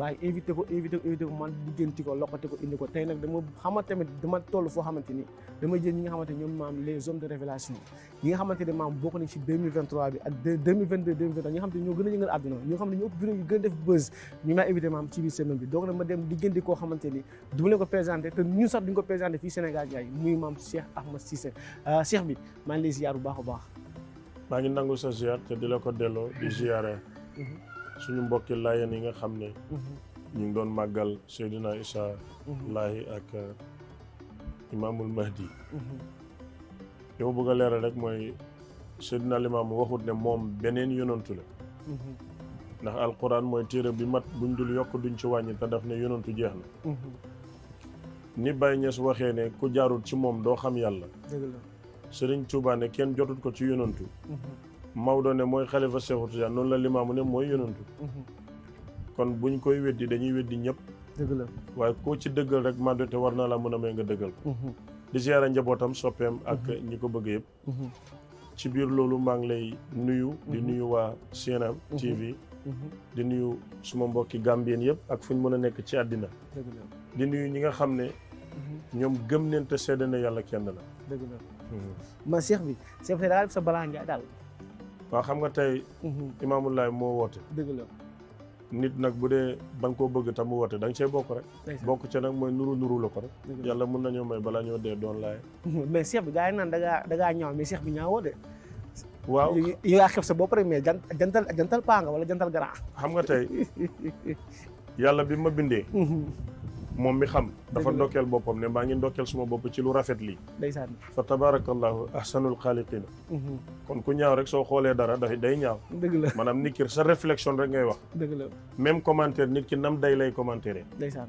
maa ngi évité ko évité ko évité ko man bugganti ko lokkati ko indi ko tey nag dama xama tamit dama toll foo xamante ni dama jël ñi nga xamante ñoom maam les hommes nga xamante ne maam bokk nañ ci 2023 bi ak 2022 2023 ñi nga xamante ñoo gën a yëngal àdduna ñi nga xam ne ñoo ëpp vidéo yu gën a def buzz ñu ma évité maam ci bi donc ni du yaay muy maam Cheikh Ahmed Cissé euh, Cheikh bi maa ngi lay bu baax a baax maa ngi nangu sa ziar te di la ko delloo di ziare mm-hmm. suñu mbokki layen yi nga xam ne mhm. ñu ngi doon màggal Seydina Isa mhm. laahi ak uh, imaamul mahdi mhm. li ma bëgg a leeral rek mooy Seydina Limaamu waxut ne moom beneen yonantu la ndax alquran mooy téere bi mat buñ dul yokk duñ ci wàññi te daf ne yonantu jeex na ni Baye Niass waxee ne ku jaarut ci moom doo xam yàlla Sëriñ Tuubaa kenn jotut ko ci yonantu Maodo ne moy khalifa cheikh outou non la limam ne mooy yonantu mhm. kon buñ koy weddi dañuy weddi ñep deug la way ko ci deugal rek Mado te war la mëna may nga dëggal mhm. di ziaré njabotam sopem ak mhm. ñiko bëgg yëpp ci biir lolu ma ngi lay nuyu di nuyu wa cnm TV di nuyu suma mbokki Gambien yëpp ak fuñ mëna mën nekk ci adina di nuyu ñi nga xam ñom gëm neen te sédena yalla kenn la deug la ma cheikh bi seex bi dal sa balaa dal waaw xam nga tey. Mhm. imaamulaay moo woote. dëgg la. nit nag bu dee ba nga koo bëgg tam mu woote da nga cee bokk rek. bokk ca nag mooy nuru nuru la ko rek. yàlla mun nañoo may balaa ñoo dee doon laay. mais seex bi gars yi naan da ngaa da ngaa ñaaw mais seex bi ñaawoo de. waaw yow yaa xef sa bopp rek mais jantal jantal paa nga wala jantal grand. xam nga tey yàlla bi ma bindee. Mhm. moom mi xam dafa ndokkeel boppam ne maa ngi ndokkeel suma bopp ci lu rafet lii ndeysaan fa tabarakallahu ahsanul xaaliqina mhm. kon ku ñaaw rek soo xoolee dara dafay day ñaaw dëgg la maanaam nit ki sa réflexion rek ngay wax dëgg la même commentaire nit ki nam day lay commentaire ndeysaan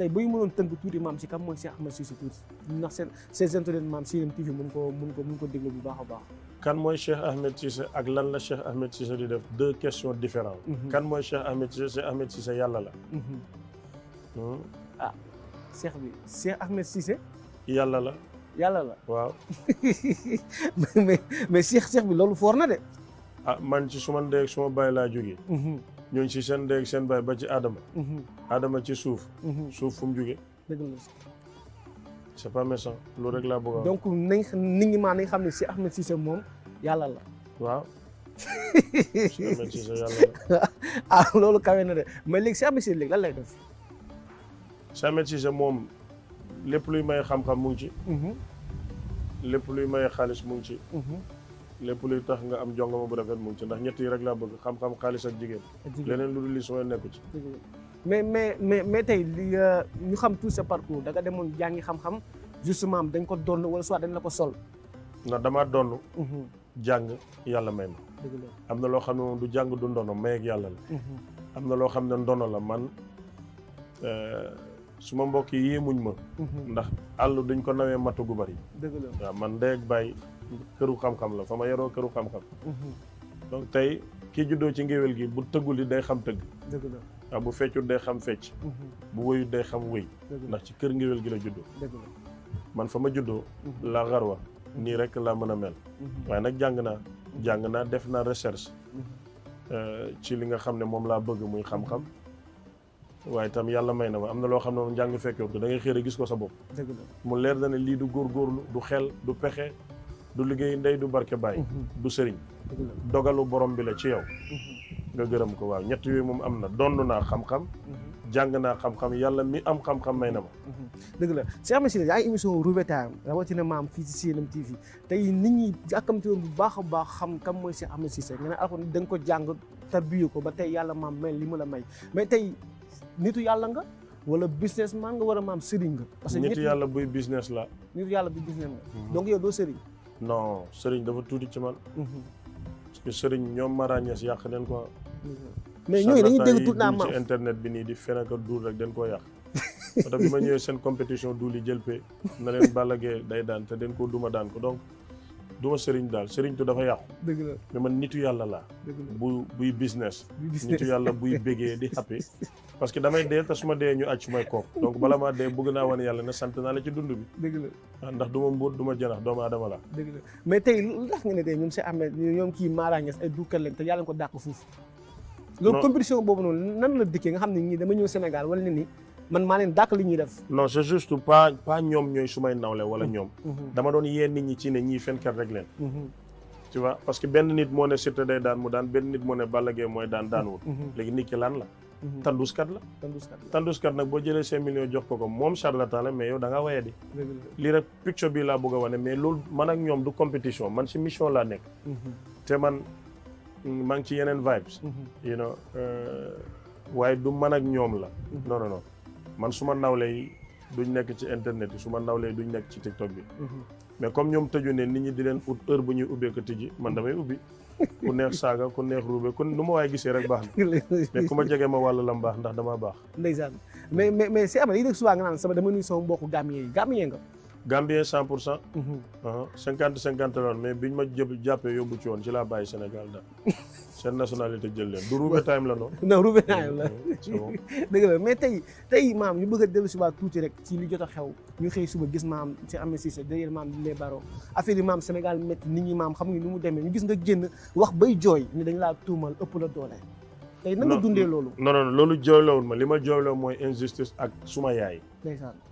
tey bu ñu mënoon tënk tuuti maam si kam mooy Cheikh Ahmed Cissé tuuti ndax seen seen internet maam Sirem TV mun ko mun ko mun ko déglu bu baax a baax. kan mooy Cheikh Ahmed ak lan la Cheikh Ahmed Cissé def deux questions différentes. Mhm. kan mooy Cheikh Ahmed Cissé Cheikh yàlla la. Mhm. Hmm? ah Cheikh bi Cheikh Ahmed Cissé. yàlla la. yàlla la waaw. mais mais Cheikh bi loolu foor na de. ah man ci suma ndey ak suma baay laa jógee. Mhm. ñooñu si seen ndey ak seen baay ba ci Adama. Mhm. Adama ci suuf. Mhm. suuf fu mu jugee. pas méchant loolu rek laa bëgg a donc xam nit ne si Ahmed Cissé si Ahmed Cissé yàlla la. ah loolu kawe na de mais lay def. si moom lépp luy may xam-xam mu ngi ci. Mhm. lépp luy may xaalis mu ngi ci. lepp luy tax nga am jongoma bu rafet mu ci ndax ñett yi rek la bëgg xam-xam xaaliss ak jigéen leneen lu dul li suma nekk ci mais mais mais mais tey euh, ñu xam tout ce parcours da nga demon jangi xam-xam justement dañ ko donu wala soit dañ la ko sol na dama donu mhm. jang yalla may ma am na loo du jang du ndono may ak yalla la mhm. am na loo ndono la man euh, suma mbokk yi yemuñ ma mhm. ndax allu duñ ko nawé matu gu bari la man ndey ak bay këru xam-xam la fa ma yaroo këru xam-xam donc tey kii juddoo ci ngéwél gi bu tëggul yi day xam tëgg waaw bu feccul day xam fecc mhm. bu wëyut day xam wëy ndax ci kër ngéwél gi la juddoo man fa ma juddoo mhm. la wa mhm. nii rek laa mën a mel waaye nag jàng naa jàng naa def naa recherche euh, ci li nga xam ne moom laa bëgg muy xam-xam waaye tam yàlla may na ma am na loo xam ne moom njàng fekkewut ko da ngay a gis ko sa bopp mu leer na lii du góor góorlu du xel du pexe du liggéey ndey du barke bàyyi mhm. du sëriñ dogalu borom bi la ci yow mhm. nga gërëm ko waaw ñetti yooyu moom am na donn naa xam-xam mhm. jàng naa xam-xam yàlla mi am xam-xam may na ma dëgg la Cheikh Ahmed Cissé yaa ngi émission Roube Time rawatina maam fii ci tey nit ñi jàkkamti woon bu baax a baax xam kam mooy Cheikh Ahmed Cissé nga ne alxoon da nga ko jàng tarbiyu ko ba tey yàlla maam may li mu la may mais tey nitu yàlla nga wala business man nga war a maam sëriñ nga parce que nitu yàlla buy business la nitu yàlla buy business la donc yow doo sëriñ non sëriñ dafa tuuti ci man. Mhm. parce que sëriñ ñoom marañees yàq den ko mhm. mais ñooñu dañuy ci internet bi nii di fenaka duul rek den koo yàq. moo bi ma ñëwee seen compétition duul yi jël pe na leen Balla Gaye day daan te den koo duma daan ko donc. du ma sëriñ daal sëriñtu dafa yàqu. dëgg la mais man nitu yàlla laa. bu buy business. nitu yàlla buy bégee di happy. parce que damay dee te su ma dee ñu àcc may kook donc bala maa dee bëgg naa wane yàlla ne sant naa la ci dund bi. dëgg la ah, ndax du ma mbóot du ma janax doomu aadama la mais tey lu tax nga ne tey ñoom si Ameth ñoom kii Mara Niass ay dukkal lañ te yàlla ko dàq foofu. loolu compétition boobu noonu nan la dikkee nga xam ne ñii dama ñëw Sénégal wala ni man maa leen dàq li ñuy def non c'est juste pas ñoom ñooy su may nawle wala ñoom mm-hmm. Mm-hmm. dama doon yee nit ñi ci ne ñiy fenkat rek leen mm-hmm. tu vois parce que benn nit moo ne Siteu day daan mu daan benn nit moo ne Balla Gaye mooy daan daan wut léegi nit ki lan la tanduskat la tanduskat nag boo jëlee cinq millions jox ko ko moom charlatan la mais yow da ngaa waye di lii rek picture bi laa bëgg a wane mais loolu man ak ñoom du compétition man si mission laa nekk te man mm, maa ci yeneen vibes you know euh, waaye du man ak ñoom la non man su ma nawlee yi ñu nekk ci internet yi su ma nawlee yi duñ nekk ci tiktok bi. Mhm. mais comme ñoom tëju ne nit ñi di leen ut heure bu ñuy ubbee ko tijji man damay ubbi. ku neex saaga ku neex ruube ku nu ma waaye gisee rek baax na mais ku ma jege ma wàllu la mu baax ndax damaa baax. ndeysaan mais mais mais si am na yi dégg souvent nga naan sama dama nuyu sama mbokku gambien yi nga. Gambien 100 pour cent. 50 mhm. 50 uh-huh. la woon mais ñu ma jë jàppee yóbbu ci woon ci laa bàyyi Sénégal daal seen nationalité jël leen du Roubé time la noonu. non Roubé time la mm-hmm. dëgg la mais tey tey maam ñu bëgg a dellu si waat tuuti rek ci li jot a xew. ñu xëy suba gis maam ci Ahmed Cissé derrière maam di lee baro affaire yi maam Sénégal métti nit ñi maam xam nga ni mu demee ñu gis nga génn wax bay jooy ni dañ laa tuumal ëpp la doole. tey na nga dundee loolu. non non loolu jooylawul ma li ma jooyloo mooy injustice ak suma yaay.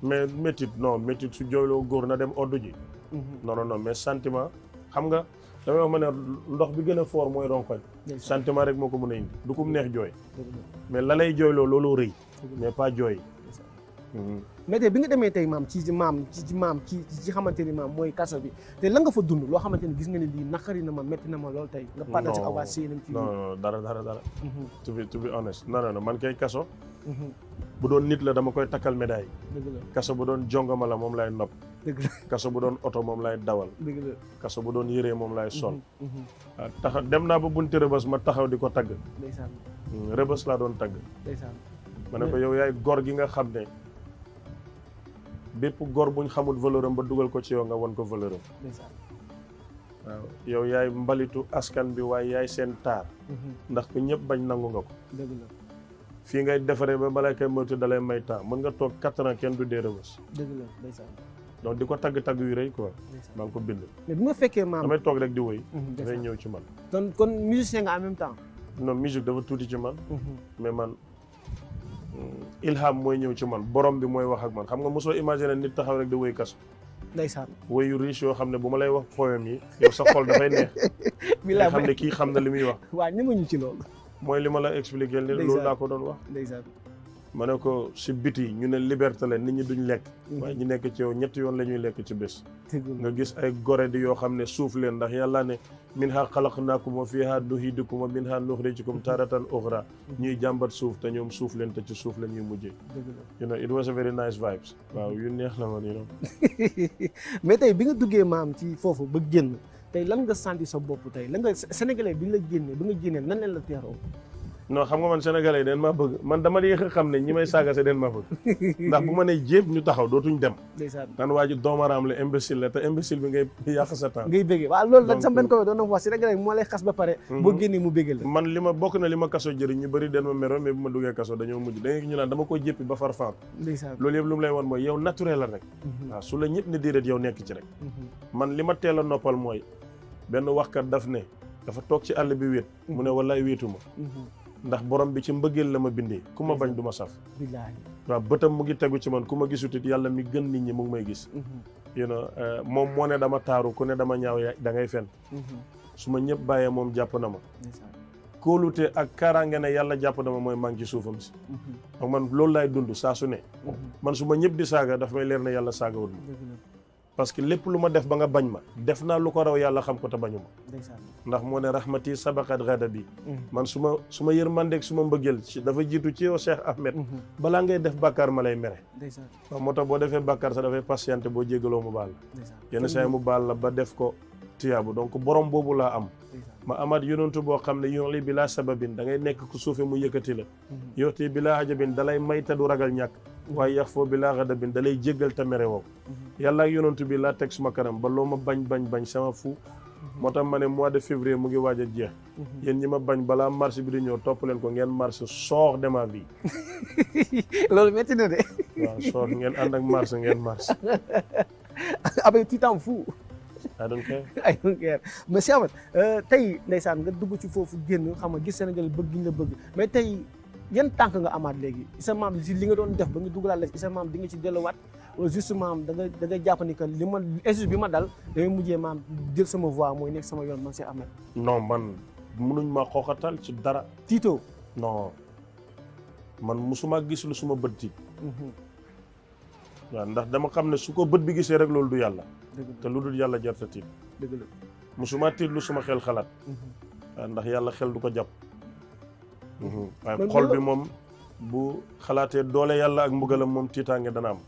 mais métit no métit su jooyloo góor na dem oddu ji mhm. non non non mais sentiment xam nga damay wax ma ne ndox bi gën a foor mooy ronkoñ sentiment rek moo ko mën a indi du ko neex jooy mais la lay jooyloo looloo rëy mais pas jooy mhm. mais bi nga demee tey maam ci maam ci maam ci xamante ni maam mooy kaso bi te la nga fa dund loo xamante ni gis nga ne lii naqari na ma métti na ma lool tey nga partagé ak waa CNM non non dara dara mhm. man kay kaso Mhm. bu doon nit la dama koy takkal médaille. kaso bu doon jongama la moom lay nopp. kaso bu doon oto moom lay dawal. kaso bu doon yére moom lay sol. Mhm, mhm. Ah, taxaw dem naa ba bunti rëbës ma taxaw di ko tagg. Hmm, rëbës laa doon tagg. ma ne ko yow yaay gor gi nga xam ne bépp gor buñ xamul valeur am ba dugal ko ci yow nga wan ko valeur am. yow yaay mbalitu askan bi waaye yaay seen taar. ndax ku ñëpp bañ nangu nga ko. fii ngay defaree ba balaa kay moytu dalay may temps mën nga toog quatre ans kenn du dee rëbës. dëgg la donc di ko tag tagg yu rëy quoi. maa ngi ko bind. mais bu ma fekkee maam damay toog rek di woy mhm, damay ñëw ci man. kon kon musicien nga en même temps. non musique dafa tuuti ci man. Mhm. mais man mm, ilham mooy ñëw ci man borom bi mooy wax ak man xam nga mosoo imaginer nit taxaw rek di woy kasu. ndeysaan woy yu riche yoo xam ne bu ma lay wax poème yi yow sa xol dafay neex. mi laa xam ne kii xam na li muy wax. waaw ñu ci loolu. mooy li ma la expliqué leen loolu laa ko doon wax ma ne ko si biti ñu ne liberté la nit ñi duñ lekk mhm. waaye ñu nekk ci yow ñetti yoon la ñuy lekk ci bés nga gis ay gore di yoo xam ne suuf leen ndax yàlla ne min ha xalaqnaakum wa fiha nuhidukum wa min ha nuxrijukum mhm. taratan uxra mhm. ñuy jàmbat suuf te ñoom suuf leen te ci suuf la ñuy mujjee you know it was a very nice vibes waaw yu neex la man you know mais tey bi nga duggee maam ci foofu ba génn tey lan nga senti sa bopp tey lan nga sénégalais bi la génnee ba nga génnee nan leen la teeroo. non xam nga man sénégalais den maa bëgg dama yéex a ñi may saagase den maa bëgg ndax bu ma nee jéeb ñu taxaw dootuñ dem naan waa ji doomaraam la imbécile la te imbécile bi ngay yàq sa temps ngay béggee waaw loolu la sam benn ko doon na wax sénégalais moo lay xas ba pare mhm. boo génnee mu béggee la man li ma bokk na li ma kaso jëriñ ñu bëri den ma mero mais bu ma duggee kaso dañoo mujj da ñu naan dama ko jéppi ba far faam rek mhm. mhm. man li ma teel a noppal mooy benn waxkat daf ne dafa toog ci àll bi wéet mu ne wallaay wéetuma ndax borom bi ci mbëggeel la ma bindee ku ma bañ duma saf waaw bëtam mu ngi tegu ci man ku ma gisutit yàlla mi gën nit ñi mu ngi may gis mhm. you know euh, moom moo ne dama taaru ku ne dama ñaaw da ngay fen mhm. su ma ñëpp bàyyee moom jàpp na ma kóolute ak kaaraange ne yàlla jàpp na ma mooy maa ngi ci suufam si mhm. man loolu laay dund saa su ne man su ma ñëpp di saaga daf may leer na yàlla saagawul ma parce que lépp lu ma def ba nga bañ ma def naa lu ko raw yàlla xam ko te bañu ma ndax moo ne rahmati sabaqat bi mm. man su ma su ma yërmandeeg su ma mbëggeel ci dafa jiitu ci yow Cheikh Ahmed mm-hmm. balaa ngay def bàkkaar ma lay mere waaw moo tax boo defee bàkkaar sax dafay patienté boo jégaloo mu baal la yenn saa yi mu baal la ba def ko tiyabu donc borom bobu la am ma amad yununtu bo xamne yuli bila sababin da ngay nek ku soufey mu yëkkati la mhm. yoti bila laa ajabin da lay may te du ragal ñak way yax bila ghadabin dalay jegal ta mere mhm. ak yununtu bi la tek suma karam ba loma bañ bañ bañ sama fu motam mané mois de février mu ngi waja a jeex mhm. yéen ñi ma bañ mars bi di ñëw top leen ko ngeen mars soox de ma vie loolu na de soox ngeen and ak mars ngeen mars abé titan fou I don't care I don't care mais si amat euh, tey ndeysaan nga dugg ci foofu génn xam nga gis Sénégal bëgg ñu la bëgg mais tey yan tànk nga amaat léegi isa maam si li nga doon def ba nga dugalaat la isa maam di nga ci delluwaat wala juste maam da nga da nga jàpp ni que li ma bi ma dal damay mujjee maam jël sama voix mooy nekk sama yoon man si amat non man mënuñ ma xooxatal ci dara tiito non man musuma gis lu suma bët ti mhm. waaw ndax dama xam ne su bi gisee rek loolu du yàlla te lu dul yàlla jarta tiit musuma tiit lu suma xel xalaat mm-hmm. ndax yàlla xel du ko jàpp mm-hmm. waaye xol bi moom bu xalaatee doole yàlla ak mbugalam moom tiitaange dana am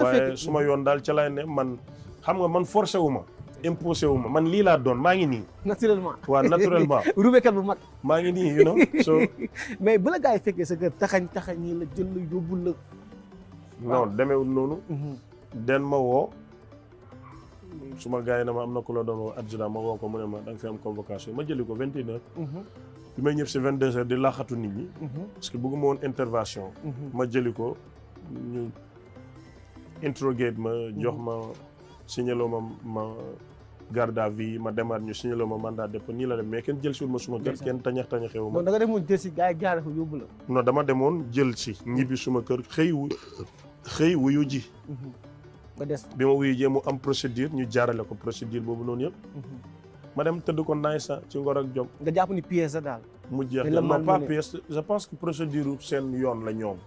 waaye suma yoon daal ca lay ne man xam nga man forcé wu ma imposé wu ma man lii laa doon maa ngi nii naturellement waaw naturellement rubekat bu mag maa ngi nii you know mais bu la gaa yi fekkee sa kër taxañ taxañ yi la jël la yóbbu la non demeewul noonu mm-hmm. den ma woo su ma gars yi ma am na ku la doon woo adjudant ma woo ko mu ne ma da nga fi am convocation ma jëli ko vingt et une heures mhm. bi may ñëpp si vingt deux heures di laaxatu nit ñi mhm. parce que bëgguma woon intervention mhm. ma jëli ko ñu interrogate ma jox ma signaloo ma ma garde à vue ma demaat ñu signaloo ma mandat dépôt nii la dem mais kenn jël si wul ma suma kër kenn tañax tañaxewu ma da nga demoon jël si gars yi jaare ko dama demoon jël si ñibbi suma kër xëy wu xëy wuyu ji nga des bi ma wuyu jee mu am procédure ñu jaarale ko procédure boobu noonu yëpp. Mhm. ma dem tëdd ko naaj sax ci ngor ak jom. nga jàpp ni pièce la daal. mu jeex ma pas pièce je pense que procédure seen yoon la ñoom.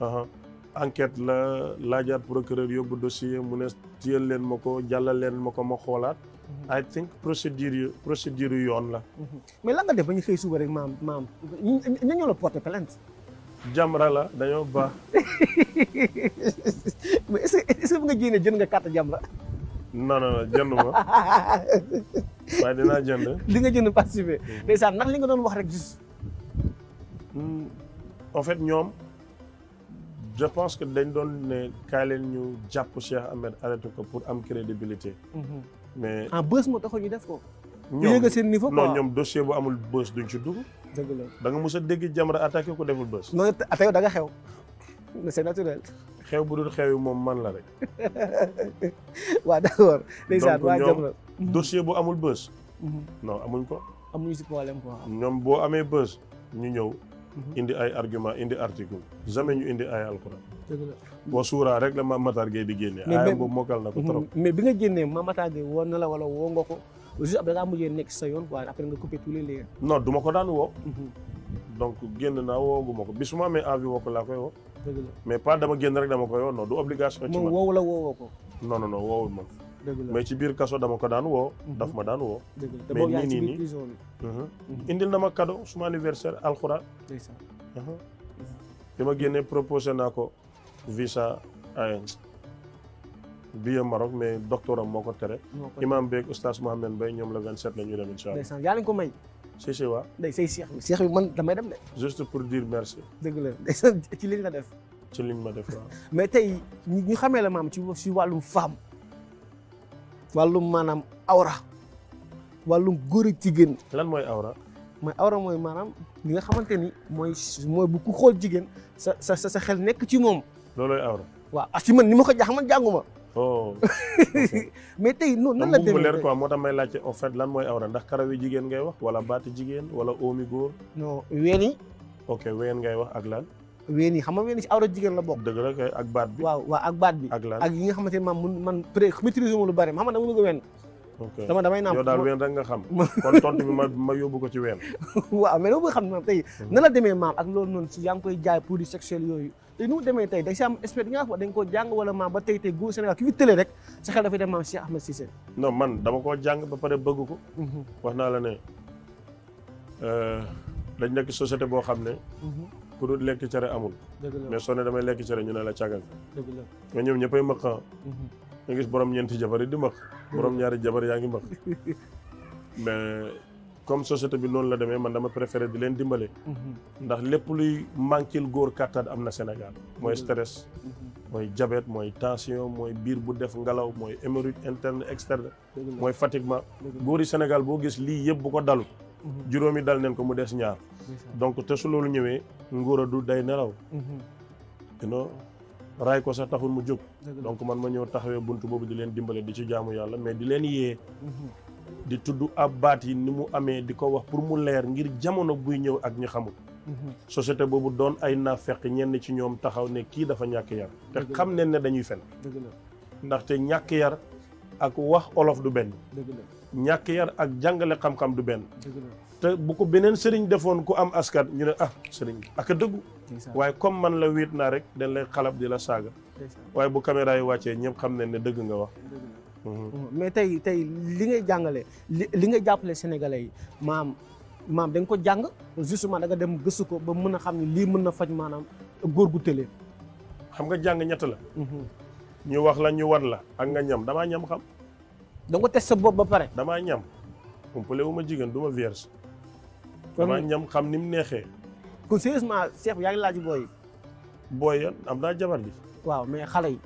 Mhm. enquête la laajaat procureur yóbbu dossier mu ne téyal leen ma ko jàllal leen ma ko ma xoolaat. Mhm. I think procédure yu procédure yoon la. mais lan nga def ba ñu xëy suba rek maam maam ñu ñu la porté plainte jamra la dañoo baax. mais est-ce que est-ce que bu nga ji ne jënd nga carte jamra. non non non jënd ma waaye dinaa jënd. di nga jënd participer. Mm. ndeysaan ndax li nga doon wax rek juste. Mm, en fait ñoom je pense que dañ doon ne kaay leen ñu jàpp Cheikh Ahmed arrêté ko pour am crédibilité. Mm-hmm. mais en bés moo taxoon ñu def ko. ñu yëg seen niveau quoi non ñoom dossier bu amul bës duñ ci dugg. dëgg la da nga a dégg Jamra attaqué ko deful bës. non attaqué da nga xew. c'est naturel. xew bu dul xew yi moom man la rek. waaw d'accord. ndeysaan waa Jamra mhm. dossier bu amul bës. Mhm. non amuñ ko. amuñ si problème quoi. ñoom boo amee bës ñu ñëw. Mhm. indi ay argument indi article jamais ñu indi ay alxuraan. dëgg la boo suuraa rek la Mame Matar Gueye di génnee. mais ayam boobu na ko trop. mais bi nga génnee Mame Matar Gueye woon na la wala woo nga ko. juste après da ngaa mujjee nekk sa yoon quoi après nga coupé tous les liens. non ma ko daan woo. Mhm. donc génn naa woo ma ko bi su ma amee envie ko laa koy woo. mais pas dama génn rek dama koy woo non du obligation. ci man woowoo ko. non non non woowul man. mais ci biir kaso dama ko daan woo. Mhm. dafa ma daan woo. mais nii nii nii mhm. indil na ma cadeau suma anniversaire alxuraan. bi ma génnee proposé naa ko visa AN. biir Maroc mais docteur am moo ko tere. imam beeg oustaz Mohamed Mbaye ñoom la 27 la ñuy dem incha allah. ndeysaan yaa leen ko may. si si waa. say seex bi seex bi man damay dem de. juste pour dire merci. dëgg la ci liñ la def. ci liñ ma def waaw. mais tey ñu xamee la maam ci si wàllum femme wàllum maanaam awra wàllum góor ak jigéen. lan mooy awra. mooy awra mooy maanaam li nga xamante ni mooy mooy bu ku xool jigéen sa sa sa xel nekk ci moom. loolooy awra. waaw ah si man ni ma ko jaax man jàngu ma. oh. mais tey noonu na la demee mu leer quoi moo tax may laajte fait lan mooy awra ndax karaw yi ngay wax wala baati jigéen wala oomi góor. non ween yi. ok ween ngay wax ak lan. ween yi xam nga ween yi si jigéen la bokk. dëgg la kay baat bi. waaw waaw ak bi. ak lan ak yi nga xamante ne man man man pré maîtriser wu lu bari ma ne dama bëgg a ween. ok dama damay naam daal ween rek nga xam. kon tontu bi ma ma yóbbu ko ci ween. waaw mais loolu nga xam ne maam tey. Mhm. la demee maam ak loolu noonu si yaa ngi koy jaay produits sexuels yooyu te nu demee tay da ci am espèce nga wax dañ ko jang wala ma ba tay tay gu Sénégal ki fi télé rek sa xel dafa dem am Cheikh Ahmed Cissé non man dama ko jang ba paré bëgg ko mhm. wax na la né euh dañ nek société bo xamné ne ku dul lekk cere amul mais soné ne damay ci ré ñu né la càggal nga ñoom ñëpay mëq nga gis borom ñent jabar di mëq borom ñaari jabar yaa ngi mëq mais comme société bi non la démé man dama préféré di len dimbalé mhm. ndax lépp luy mankil góor Senegal. amna Sénégal. moy mhm. stress. moy mhm. diabète moy tension moy bir bu def ngalaw moy hémorroïde interne externe. bugis fatiguement góor yi Sénégal bo gis li yépp bu ko dalu juromi dal neen ko mu dess ñaar. donc té su lolu ñëwé ngóor du day nelaw. know ray ko sa taxul mu jog donc man ma ñëw taxawé buntu bobu di len dimbalé di ci jaamu yalla mais di len yé di tuddu abbat yi ni mu amé diko wax pour mu lèr ngir jamono buy ñëw ak ñi xamul mhm. société bobu doon ay nafaq ñenn ci ñom taxaw ne ki dafa ñak yar te xam ne ne dañuy fen ndaxte ñak yar ak wax olof du ben ñak yar ak jangale xam-xam du ben te bu ko benen sëriñ defoon ku am askat ñu ne ah sëriñ ak a waye comme man la wit na rek dañ lay xalab di la saga waye bu caméra yi wàccee xam ne ne dëgg nga wax mais tey tey li ngay jàngale li li ngay jàppale sénégalais yi maam maam da ko jàng justement da nga dem gëstu ko ba mën a xam ni lii mën na faj maanaam góor gu tëlee. xam nga jàng ñett la. Mhm. ñu wax la ñu wan la ak nga ñam damaa ñam xam. da nga ko test sa bopp ba pare. damaa ñam umpale wu ma jigéen du ma vierge. damaa ñam xam ni mu neexee. kon sérieusement Cheikh yaa ngi laaj booy yi. booy yan am naa jabar bi. waaw mais xale yi.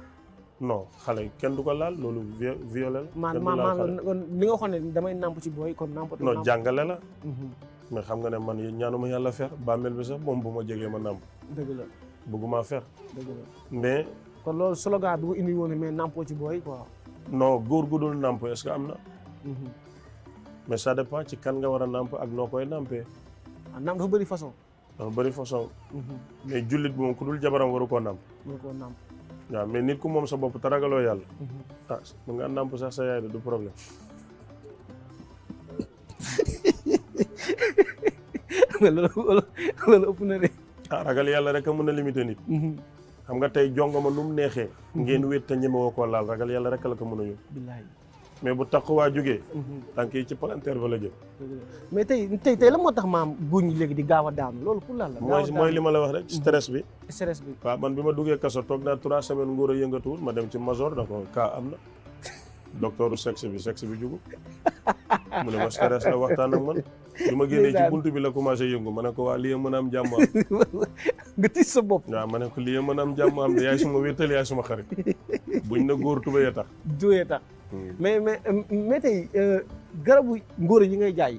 non xale kenn du ko laal loolu violé la. man man man li nga waxoon ne damay namp ci booy comme namp. non jàngale la. Mhm. mais xam nga ne man ñaanuma yàlla fer bàmmeel bi sax moom bu ma jegee ma namp. dëgg la bëgguma fer. dëgg la mais. kon loolu slogan bi ko indi woon mais nampoo ci booy quoi. non góor gu dul namp est-ce que am na. Mhm. mais ça dépend ci kan nga war a namp ak noo koy nampee. ah namp dafa bëri façon. dafa bëri façon. Mhm. mais jullit bi moom ku dul jabaram waru koo namp. waru koo namp. waaw mais nit ku moom sa bopp te ragaloo yàlla. ah mën du problème. loolu loolu ëpp ah, ragal yàlla rek a mën a limité nit. Mhm. xam nga tey jongoma nu mu neexee. Mhm. ngeen wéet te ñemewoo koo laal ragal yàlla rek la ko mën a yóbbu. mais bu taqwaa jógee tànk yi ci palanteer ba la jëm mais tey tey tey la moo tax maam góor ñi léegi di gaaw a daanu loolu pour lan la mooy mooy li ma la wax rek stress bi stress bi waaw man bi ma duggee kaso toog naa trois semaine nguur a yëngatuwul ma dem ci major da ko kaa am na docteur sexe bi sexe bi jugu mu ne ma stress la waxtaan ak man bi ma génnee ci buntu bi la commencé yëngu ma ne ko waa lii mën a am jàmm am nga tiis sa bopp waaw ma ne ko lii mën a am jàmm am de yaay suma wéttal yaay suma xarit buñ na góor tubéyee tax tubéyee tax hmm. mais mais mais tey euh, garabu ngóor yi ngay jaay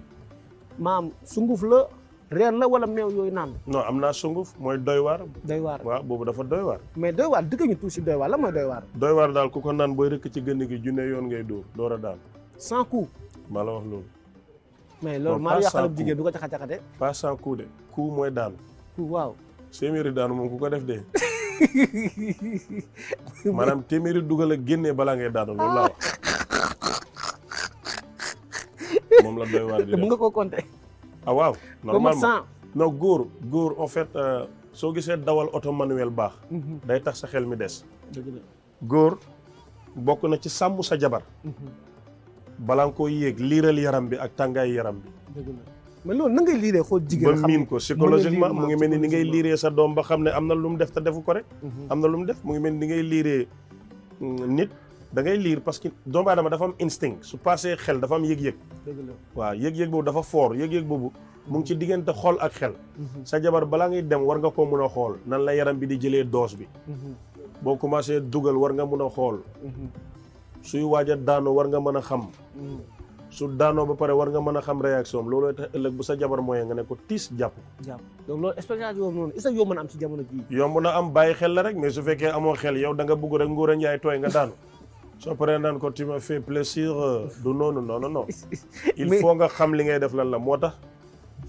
maam sunguf la reer la wala meew yooyu naan. non am naa sunguf mooy doy waar. doy waar waaw boobu dafa doy mais doy waar dëgg ñu tuuti si la mooy doy waar. daal ku ko naan booy rëkk ci gi junne yoon ngay dóor door a daan. sans coup. maa wax loolu. mais loolu maa yàqal jigéen du ko caxa-caxate. pas sans coup de def dee. maanaam dugal ak génnee balaa ngay daanu loolu laa ah. moom la doy waar di def. bu nga ko compter. ah waaw normalement non góor góor en fait euh, soo gisee dawal oto manuel baax mhm. day tax sa xel mi des góor bokk na ci sàmm sa jabar mhm. balaa nga koo yéeg liiral yaram bi ak tàngaay yaram bi mais loolu na liiree xool jigéen ba miin ko psychologiquement mu ngi mel ni ni ngay liiree sa doom ba xam ne am na lu mu def te defu ko rek mhm. am na lu mu def mu ngi mel ni ni ngay liiree mm, nit da ngay lire parce que doomu aadama dafa am instinct su passé xel dafa am yëg-yëg. waaw yëg-yëg boobu dafa fort yëg-yëg boobu mu ngi ci diggante xol ak xel. Mhm. sa jabar bala ngay dem war nga ko a nan la yaram bi di jëlee dos bi. Mhm. boo commencé dugal war nga mun a xool. Mhm. suy Warga mana ham. war nga mën a xam. su daano ba pare war nga mën a xam réaction am looloo tax ëllëg bu sa jabar mooy nga ne ko tiis jàpp. donc loolu expérience yooyu noonu est-ce yomb na am ci jamono ji yomb na am bàyyi xel la rek mais su fekkee amoo xel yow da nga bugg rek nguur nga daanu. soo paree naan ko tu me fais plaisir euh, du noonu non non non il faut nga xam li ngay def lan la moo tax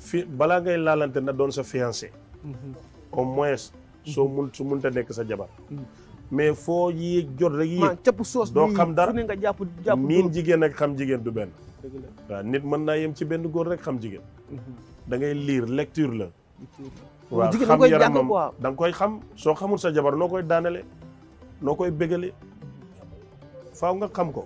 fi balaa ngay laalante na doon sa fiancé mm-hmm. au moins soo mun su munta nekk sa jabar mm-hmm. mais foo yéeg jot rek yéeg cëpp soos doo xam dara nga jàpp jàpp miin jigéen ak xam jigéen du benn waaw nit mën naa yem ci benn góor rek xam jigéen mm-hmm. da ngay lecture la waa xam yaramam da nga koy xam soo xamul sa jabar noo koy daanale noo koy bégalee faaw nga xam ko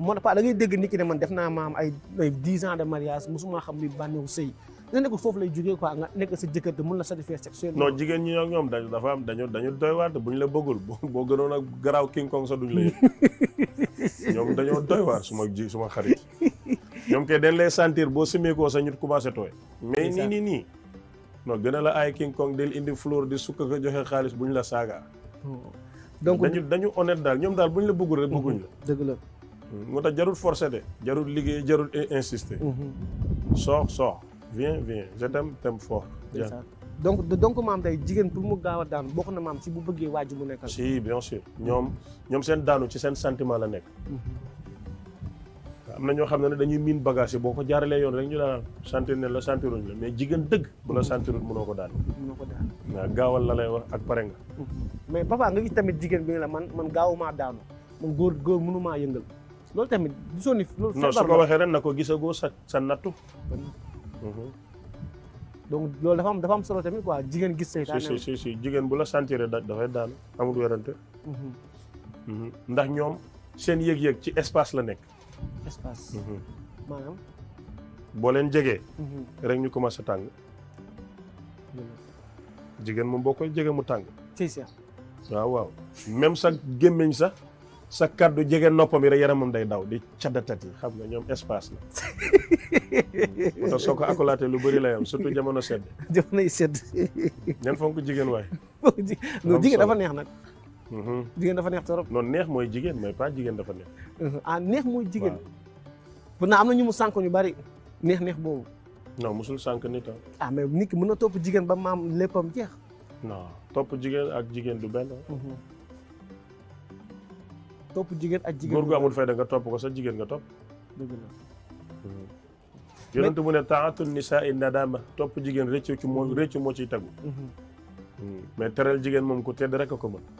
moo pa da ngay dégg nit ki ne man def naa maam ay 10 ans de mariage musuma xam li bànneew sëy dina nekkul foofu lay jógee quoi nga nekk sa jëkkër te mun la satisfaire sexuel non jigéen ñi ñoom dañu dafa am dañu dañu doy waar buñ la bëggul boo gënoon ak garaaw king kong sa duñ la yëg ñoom dañoo doy waar suma ji suma xarit ñoom kay dañ lay sentir boo ko sa ñut commencé toy mais nii nii nii non gën la ay king kong del indi fleur di sukk ko joxe xaalis buñ la saaga oh. donc dañu dañu honnête daal ñoom daal bu ñu la bëggul rek bëgguñ la mhm. dëgg la hmm. moo tax jarul forcé de jarul liggéey jarul insister soox mhm. soox viens viens je t'aime t'aime fort donc donc maam day jigéen pour mu gaaw a daanu bokk na maam si bu bëggee waaju mu nekkal si bien sûr ñoom ñoom seen daanu ci seen santiment la nekk mhm. am na ñoo xam ne dañuy miin bagage yi boo ko jaaralee yoon rek ñu la sentir ne la sentiruñ la mais jigéen dëgg bu la sentirul mënoo ko daal mënoo ko daan waaw gaawal la lay wax ak pare nga mais papa nga gis tamit jigéen bi ne la man man gaawumaa daanu man góor góor mënumaa yëngal loolu tamit du sonni loolu non su ko waxee ren na ko gisagoo sa sa nattu mhm. donc loolu dafa am dafa am solo tamit quoi jigéen gis seytaane si si si jigéen bu la sentir da dafay daanu amul werante mhm. Mhm. ndax ñoom seen yëg-yëg ci espace la nekk espace. Mhm. boo leen jegee. Mhm. rek ñu commencé tàng. jigéen moom boo koy jege mu tàng. c'est ça. waaw waaw même sa gémmiñ sax sa kàddu jege noppam yi rek yaramam day daw di caddatat yi xam nga ñoom espace la. moo tax soo ko akulaatee lu bari la yam surtout jamono sedd. jamonoy sedd. ñan fonk jigéen waay. jigéen dafa neex nag. Mm-hmm. jigéen dafa neex torop non neex mooy jigéen mais pas jigéen dafa neex. Mm-hmm. ah neex mooy jigéen. pour na am na ñu mu sànq ñu bari neex neex boobu. non musul sànq nit ah. ah mais nit ki mën na topp jigéen ba maam léppam jeex. non topp jigéen ak jigéen du benn. Mm-hmm. topp jigéen ak jigéen góor amul fay da nga topp ko sa jigéen nga topp. dëgg la. yonent mu ne taatu nisaa i nadama topp jigéen rëccu ci moo rëccu moo ciy tagu mais terel jigéen moom ku tedd rek a ko mën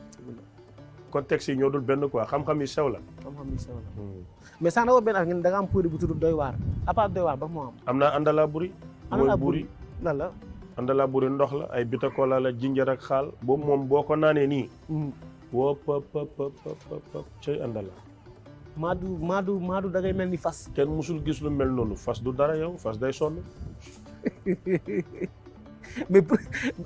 konteks yi ñoo dul benn quoi xam-xam yi sew la. xam-xam yi sew la. Hmm. mais na wo ben ak ngeen da nga am produit bu tuddu doy war à part doy war ba mo am. amna andala buri. andala buri la la. andala buri ndox la ay bitakola la jinjer ak xal bo mom boko nané ni hmm. wo pa pa pa pa pa pa cay andala. madu madu madu da ngay melni fas. ken musul gis lu mel nonu fas du dara yow fas day son mais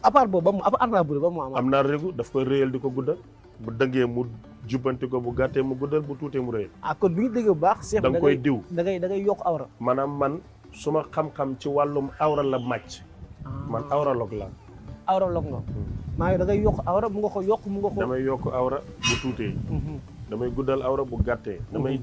à part ba mo à part buri ba mo am. amna regu daf ko reyel diko guddal. mu dëggee mu jubbanti ko bu gàttee mu guddal bu tuutee mu rëy. ah kon bu déggee baax. seex da nga koy diw dangay ngay da ngay yokk awra. maanaam man suma xam-xam ci wàllum awra la màcc. Ah. man awralog la. awralog nga. Hmm. maa da ngay yokk awra mu nga yokk mu nga ko. damay yokk awra bu tuutee. Mhm. damay guddal awra bu gàttee. Mhm. damay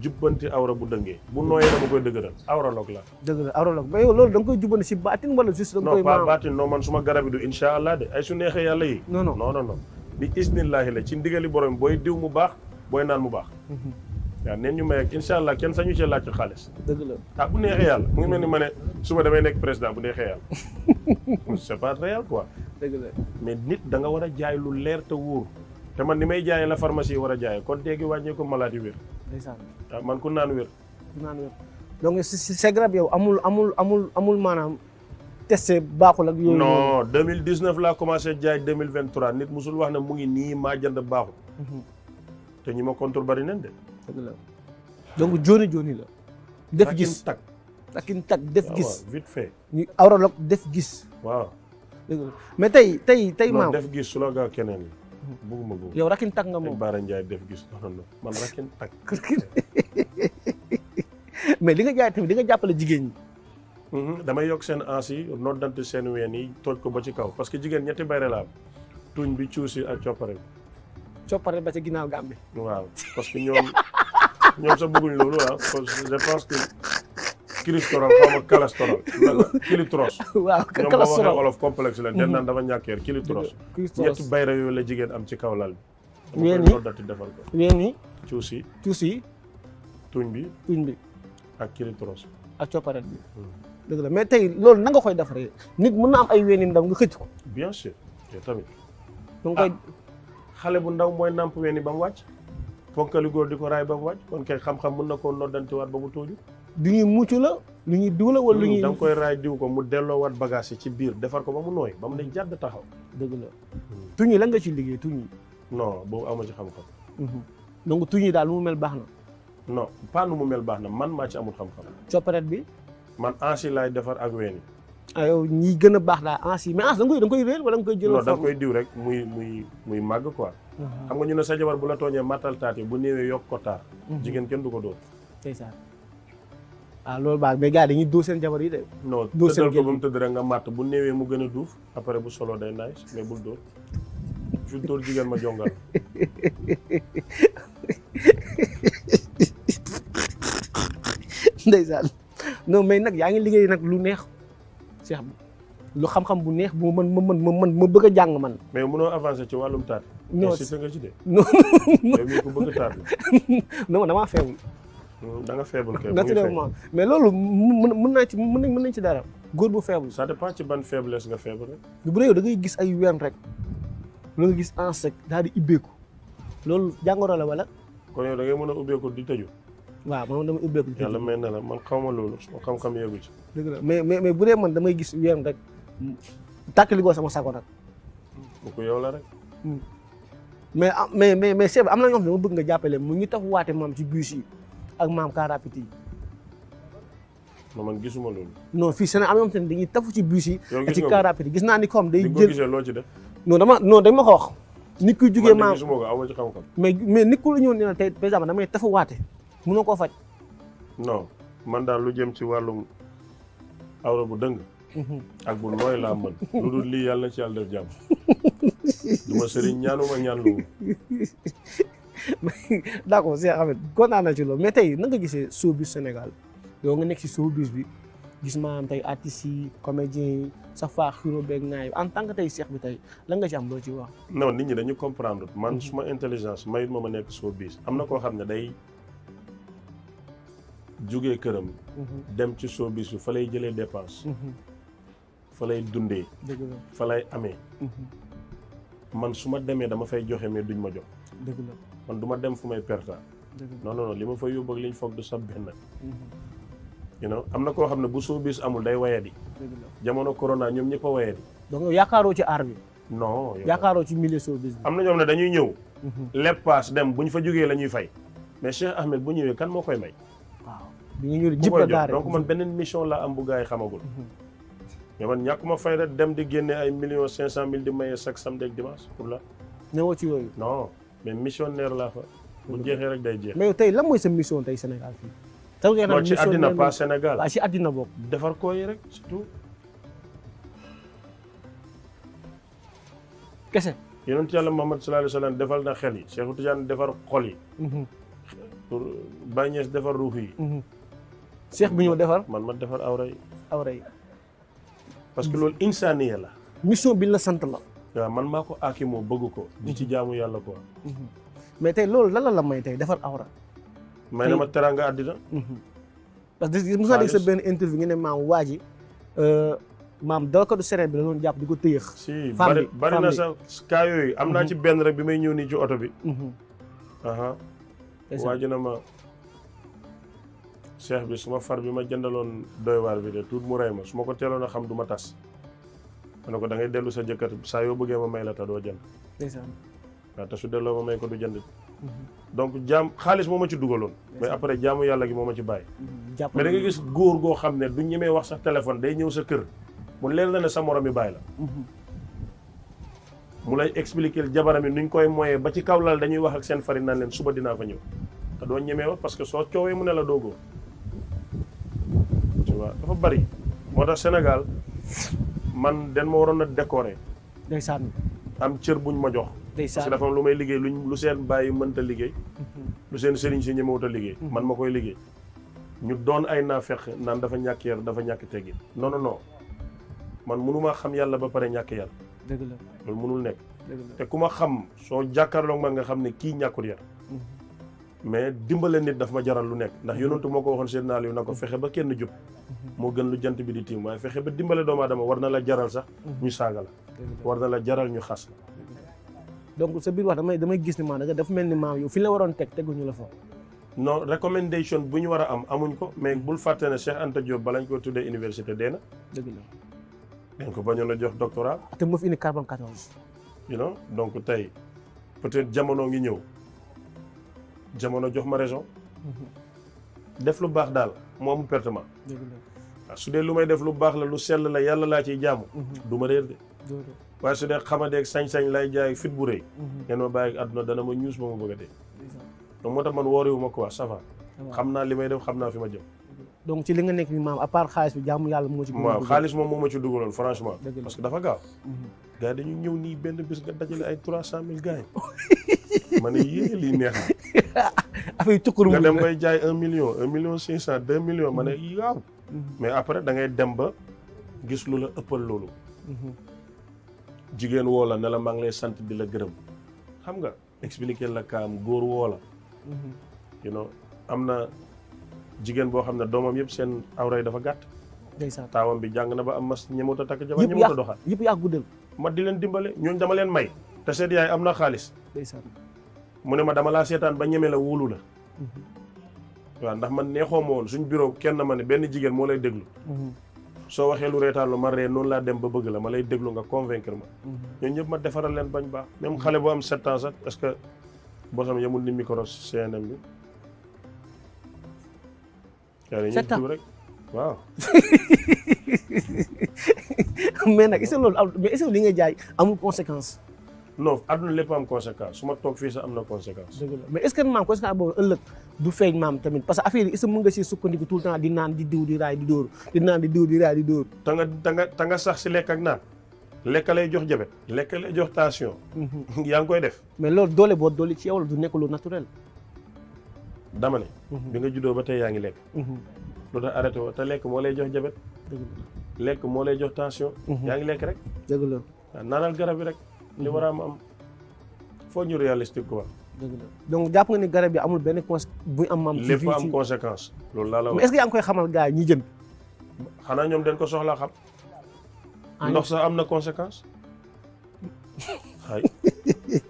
jubbanti awra bu dëngee. bu nooyee dama koy dëgëral awralog la. dëgëral awralog mais yow loolu da nga koy jubbanti si baatin wala juste. da koy maanaam baatin non man suma garab yi du incha allah de ay su neexee yàlla yi. non non non bi isnillahi la ci ndigali borom boy diw mu bax boy nan mu bax ya mhm. neen ñu may ak inshallah allah kenn sañu ci lacc xaalis. deug la ta ah, bu neexee yalla mu ngi melni mané suba damay nek président bu neexee yàlla c'est pas réel quoi. deug la mais nit da nga wara jaay lu leer te wóor te man ni may la pharmacie wara jaay kon kon wañé ko maladie wir ndaysan ah, man ku nan wir nan wir donc c'est grave yow amul amul amul amul manam testé baxul ak yoyu non 2019 la commencé jaay 2023 nit musul wax na mu ngi ni mhm. ma jënd baxu te ñima contrôle bari nañ de donc joni joni la def gis tak takin tak def ah gis vite fait ñu awralog def gis waaw mais tay tay tay ma def gis lo ga kenen buguma bëgguma yow rakin tak nga mo Baara Ndiaye def gis non non man rakin tak mais li nga jaay tamit li nga jàppale jigéen ñi Mm-hmm. damay yok sen ansi yi noddante sen weni yi ko ba ci kaw parce que jigen ñetti bayre la tuñ bi ciusi ak coppare bi ba ci ginaaw gambe waaw parce que ñoom ñoom sax bëgguñ ah. parce que je pense que kilistoro fama kalastoral calastoro kilitros waaw ñoom boo waxee complexe la den nan dafa mm-hmm. ñàkkeer mm-hmm. kilitros ñetti bayre yo la jigen am ci kaw lal weni ween yi defal ko weni ciusi ciusi tuñ bi tuñ bi ak kilitros ak copparet bi dëgg la mais tey loolu na nga koy defaree nit mën na am ay weeni ndaw nga xëcc ko. bien sûr te tamit. da koy ah, xale bu ndaw mooy namp weeni ba mu wàcc. ponkali goor di ko raay ba mu wàcc kon kay xam-xam mën na koo noddantiwaat ba mu tooju. du ñuy mucc la lu ñuy diw la wala lu hmm, ñuy. da nga koy raay diw ko mu delloowaat bagage yi ci biir defar ko ba mu nooy ba mu ne jàdd taxaw. dëgg la hmm. tuñi la nga ci liggéey tuñi. non boobu amu ci xam-xam. Mhm. donc tuñi daal lu mu mel baax na. non pas mu mel baax na man maa ci amul xam-xam. copperet bi. man ansi laay defar ak ween yi. ah ñi gën a baax daal ansi mais ansi da koy da nga koy réel wala nga koy. jëloo forme non da nga koy diw rek muy muy muy màgg quoi. Mhm. xam nga ñu ne sa jabar bu la tooñee matal taat yi bu néewee yokk ko taar. Mhm. jigéen kenn du ko dóor. ndeysaan ah, loolu baax mais gars ñu dóor seen jabar yi de. non tëddal ko ba rek nga màtt bu néewee mu gën a duuf après bu solo day naaj mais bul dóor su dóor jigéen ma jongal. non mais nag yaa ngi liggéey nag lu neex Cheikh lu xam-xam bu neex bu man ma mën ma man ma bëgg a jàng man. mais mënoo avancé ci wàllum taat. non si nga ci de. non non ko bëgg a taat la. non damaa faible. Hmm, mais loolu mën mën naa ci mën nañ ci dara. góor bu faible. ça dépend ci ban faiblesse nga faible rek. bu dee yow da ngay gis ay ween rek lu nga gis insecte daal di ubbeeku loolu jàngoro la wala. kon yow da mën a ubbeeku di tëju. waaw man damay ubbeeku. yàlla may na la man xaw ma loolu man xam-xam yeggu ci. dëgg la mais mais mais bu dee man damay gis weer rek tàkkali ko sama sago nag. kooku la rek. Hmm. mais ah, mais mais mais Cheikh am na ñoo xam ne ma bëgg nga jàppale mu ngi tax waate maam ci bus yi ak maam car rapide yi. non man gisuma loolu. non tafu ci bus yi. ak gis naa ni comme day. jël gisee loo ci def. ma ko wax. nit kuy jugee maam ma ci xam-xam. mais mais nit ku la ne la damay tafu waate. mënoo koo faj. no man daal lu jëm ci wàllum awra bu dëng. Mhm. ak bu nooy laa mën. lu dul lii yàlla na ci yàlla def jàmm. du ma sëriñ ñaanuma ñaan lu d'accord Cheikh Ahmed kontaan na ci loolu mais tey na nga gisee showbiz Sénégal yow nga nekk si showbiz bi gis maanaam tey artistes yi comédiens yi sa faa xiro beeg naay en tant que tey seex bi tey lan nga ci am loo ci wax. non nit ñi dañu comprendre man suma intelligence mayut ma ma nekk showbiz am na koo xam ne day. jóge këram. Mhm. dem ci showbiz bi fa lay jëlee dépense. Mhm. fa lay dundee. fa lay amee. Mhm. man su ma demee dama fay joxe mais duñ ma jox. dëgg la man duma dem fu may perta non non non li ma fay yóbbu liñ li foog du sab benn. you know am na koo xam ne bu showbiz amul day wayadi. jamono corona ñoom ñëpp a wayadi. donc yaakaaroo ci aar bi. non yaakaaroo ci milieu showbiz bi. am na ñoom ne dañuy ñëw. lepp paas dem bu ñu fa jógee la ñuy fay. mais Cheikh Ahmed bu ñëwee kan moo koy may. bi nga ñëw jib la daare donc man beneen mission laa am bu gars yi xamagul mhm. mais man ñàkkuma fayda dem di génne ay millions cinq cent mille di maye chaque samedi ak dimanche pour la newoo ci yooyu non mais mission neer laa fa bu jeexee rek day jeex mais yow tey lan mooy sa mission tey Sénégal fii taw ngeen ci àddina pas Sénégal waaw ah, ci àddina bokk defar koo yi rek surtout kese yonent yàlla Muhammad sallallahu alayhi wa sallam defal na xel yi Cheikh Tidiane defar xol yi mhm. pour seex bi ñoo defar man ma defar awra yi awra parce que loolu insaaniya la mission bi la sant la man maa ko aaki moo bëgg ko di ci jaamu yàlla ko mhm. mais tey loolu lan la la may tey defar awra may na ma teraanga àddina mhm. parce que mos naa dégg sa benn interview nga ne maam waa ji euh, maam dawalkatu sereet bi la doon jàpp di ko tëyëx si bari bari na sax cas yooyu am naa mhm. ci benn rek bi may ñëw nii ci oto bi waa na ma cheikh bi suma far bi ma jëndaloon doy waar bi de tout mu ray ma su ma ko teeloon a xam du ma tas ma ko da ngay dellu sa jëkkat saa yoo bëggee ma may la ta doo jënd waaw te su delloo ma may ko du jënd mhm. donc jaam xaalis moo ma ci dugaloon mais après jaamu yàlla gi moo ma ci bàyyi mhm, mais da nga gis góor goo xam ne du ñemee wax sax téléphone day ñëw sa kër mu leer la ne sa morom yi bàyyi la mhm. mu lay expliquer jabaram yi ni koy moyee ba ci kaw lal dañuy wax ak seen fari naan leen suba dinaa fa ñëw te doo ñemee wax parce que soo coowee mu ne la doogoo waaw dafa bari moo tax Sénégal man den ma waroon a décorer. ndeysaan am cër ñu ma jox. parce que dafa lu may liggéey luñ lu seen bàyyi mënta liggéey. Mhm. lu seen sëriñ si ñemewut a liggéey. Mhm. man ma koy liggéey. ñu doon ay naa naafeq naan dafa ñàkk yar dafa ñàkk teggin non non man mënumaa xam yàlla ba pare ñàkk yar. dëgg loolu mënul nekk. te ku ma xam soo jàkkaarloog ma nga xam ne kii ñàkkul yar. Mhm. mais dimbale nit daf ma jaral lu nekk ndax yonentu moo ko waxoon seen naal yu na ko fexe ba kenn jub moo gën lu jant bi di tiim waaye fexe ba dimbale doomu aadama war na la jaral sax ñu saaga la war na la jaral ñu xas donc sa biir wax damay damay gis ni maanaam dafa mel ni maam yow fi la waroon teg teguñu la fa non recommandation bu ñu war a am amuñ ko mais bul fàtte ne Cheikh Anta Diop balañ ko tuddee université dee na dëgg la dañ ko bañoon a jox doctorat te moo fi indi carbone 14 you know donc tey peut-être jamono ngi ñëw jamono jox ma raison. def lu baax daal moo am pertement. waaw su dee lu may def lu baax la lu sell la yàlla laa ciy jaamu. Mhm. du ma de. waaye su dee xamadeeg sañ-sañ lay jaay fit bu rëy. Mhm. ngeen ma bàyyi àdduna dana ma ñuus ba ma bëgg a dee. donc moo tax man wooriwu ma quoi ça xam naa li may def xam naa fi ma jëm. donc ci li nga nekk nii maam à part xaalis bi jaamu yàlla moo ci. waaw xaalis moom moo ma ci dugaloon franchement. parce que dafa gaaw. Mhm. gars yi dañuy ñëw nii benn bés nga dajale ay ma ne yéen lii neex affaire yu nga dem bay jaay un million 1 million cinq 2 million, millions ma ne hmm. yaaw. Hmm. mais après da ngay dem ba gis lu hmm. la ëppal loolu. jigéen woo la ne la maa ngi lay sant di la gërëm xam nga expliquer la kaam góor woo la. you know amna jigen jigéen boo domam ne doomam yëpp seen awray dafa gàtt. ndeysaan taawam bi jàng na ba am mas ñemut a takk jabar ñemut a doxal yëpp yàqu guddal ma di leen dimbale ñooñ dama leen may te seen yaay am na xaalis. mu ne ma dama laa seetaan ba ñeme la wóolu la waaw ndax man neexoo ma woon suñ bureau kenn ma ne benn jigéen moo lay déglu soo waxee lu reetaan lu ma ree noonu laa dem ba bëgg la ma lay déglu nga convaincre ma ñooñu ñëpp ma defaral leen bañ baax même xale bu am sept ans sax parce que bosam yamul ni micro CNM bi yaa ngi tuub rek waaw mais nag est loolu li nga jaay amul conséquence non àdduna lépp am conséquence su ma toog fii sax am na conséquence. dëgg la mais est ce que maam conséquence boobu ëllëg du feeñ maam tamit parce que affaire yi est nga si sukkandiku tout le di naan di diw di raay di dóor di naan di diw di raay di dóor. ta nga ta ta nga sax si lekk ak naan lekk lay jox jabet lekk lay jox tension. Mhm. yaa ngi koy def. mais loolu doole boo doole ci yow la du nekk lu naturel. dama ne. Mhm. bi nga juddoo ba tey yaa ngi lekk. Mhm. lu tax arrêté woo te lekk moo lay jox jabet. lekk moo lay jox tension. yaa ngi lekk rek. dëgg la naanal garab yi rek. li war a am am foo ñu réalistique ko dëgg donc jàpp nga ni garab yi amul benn cons bu am. am ci lépp loolu laa est-ce que yaa koy xamal gars yi ñi xanaa ñoom dañ ko soxlaa xam. Ah, ndox sax am na conséquence. ay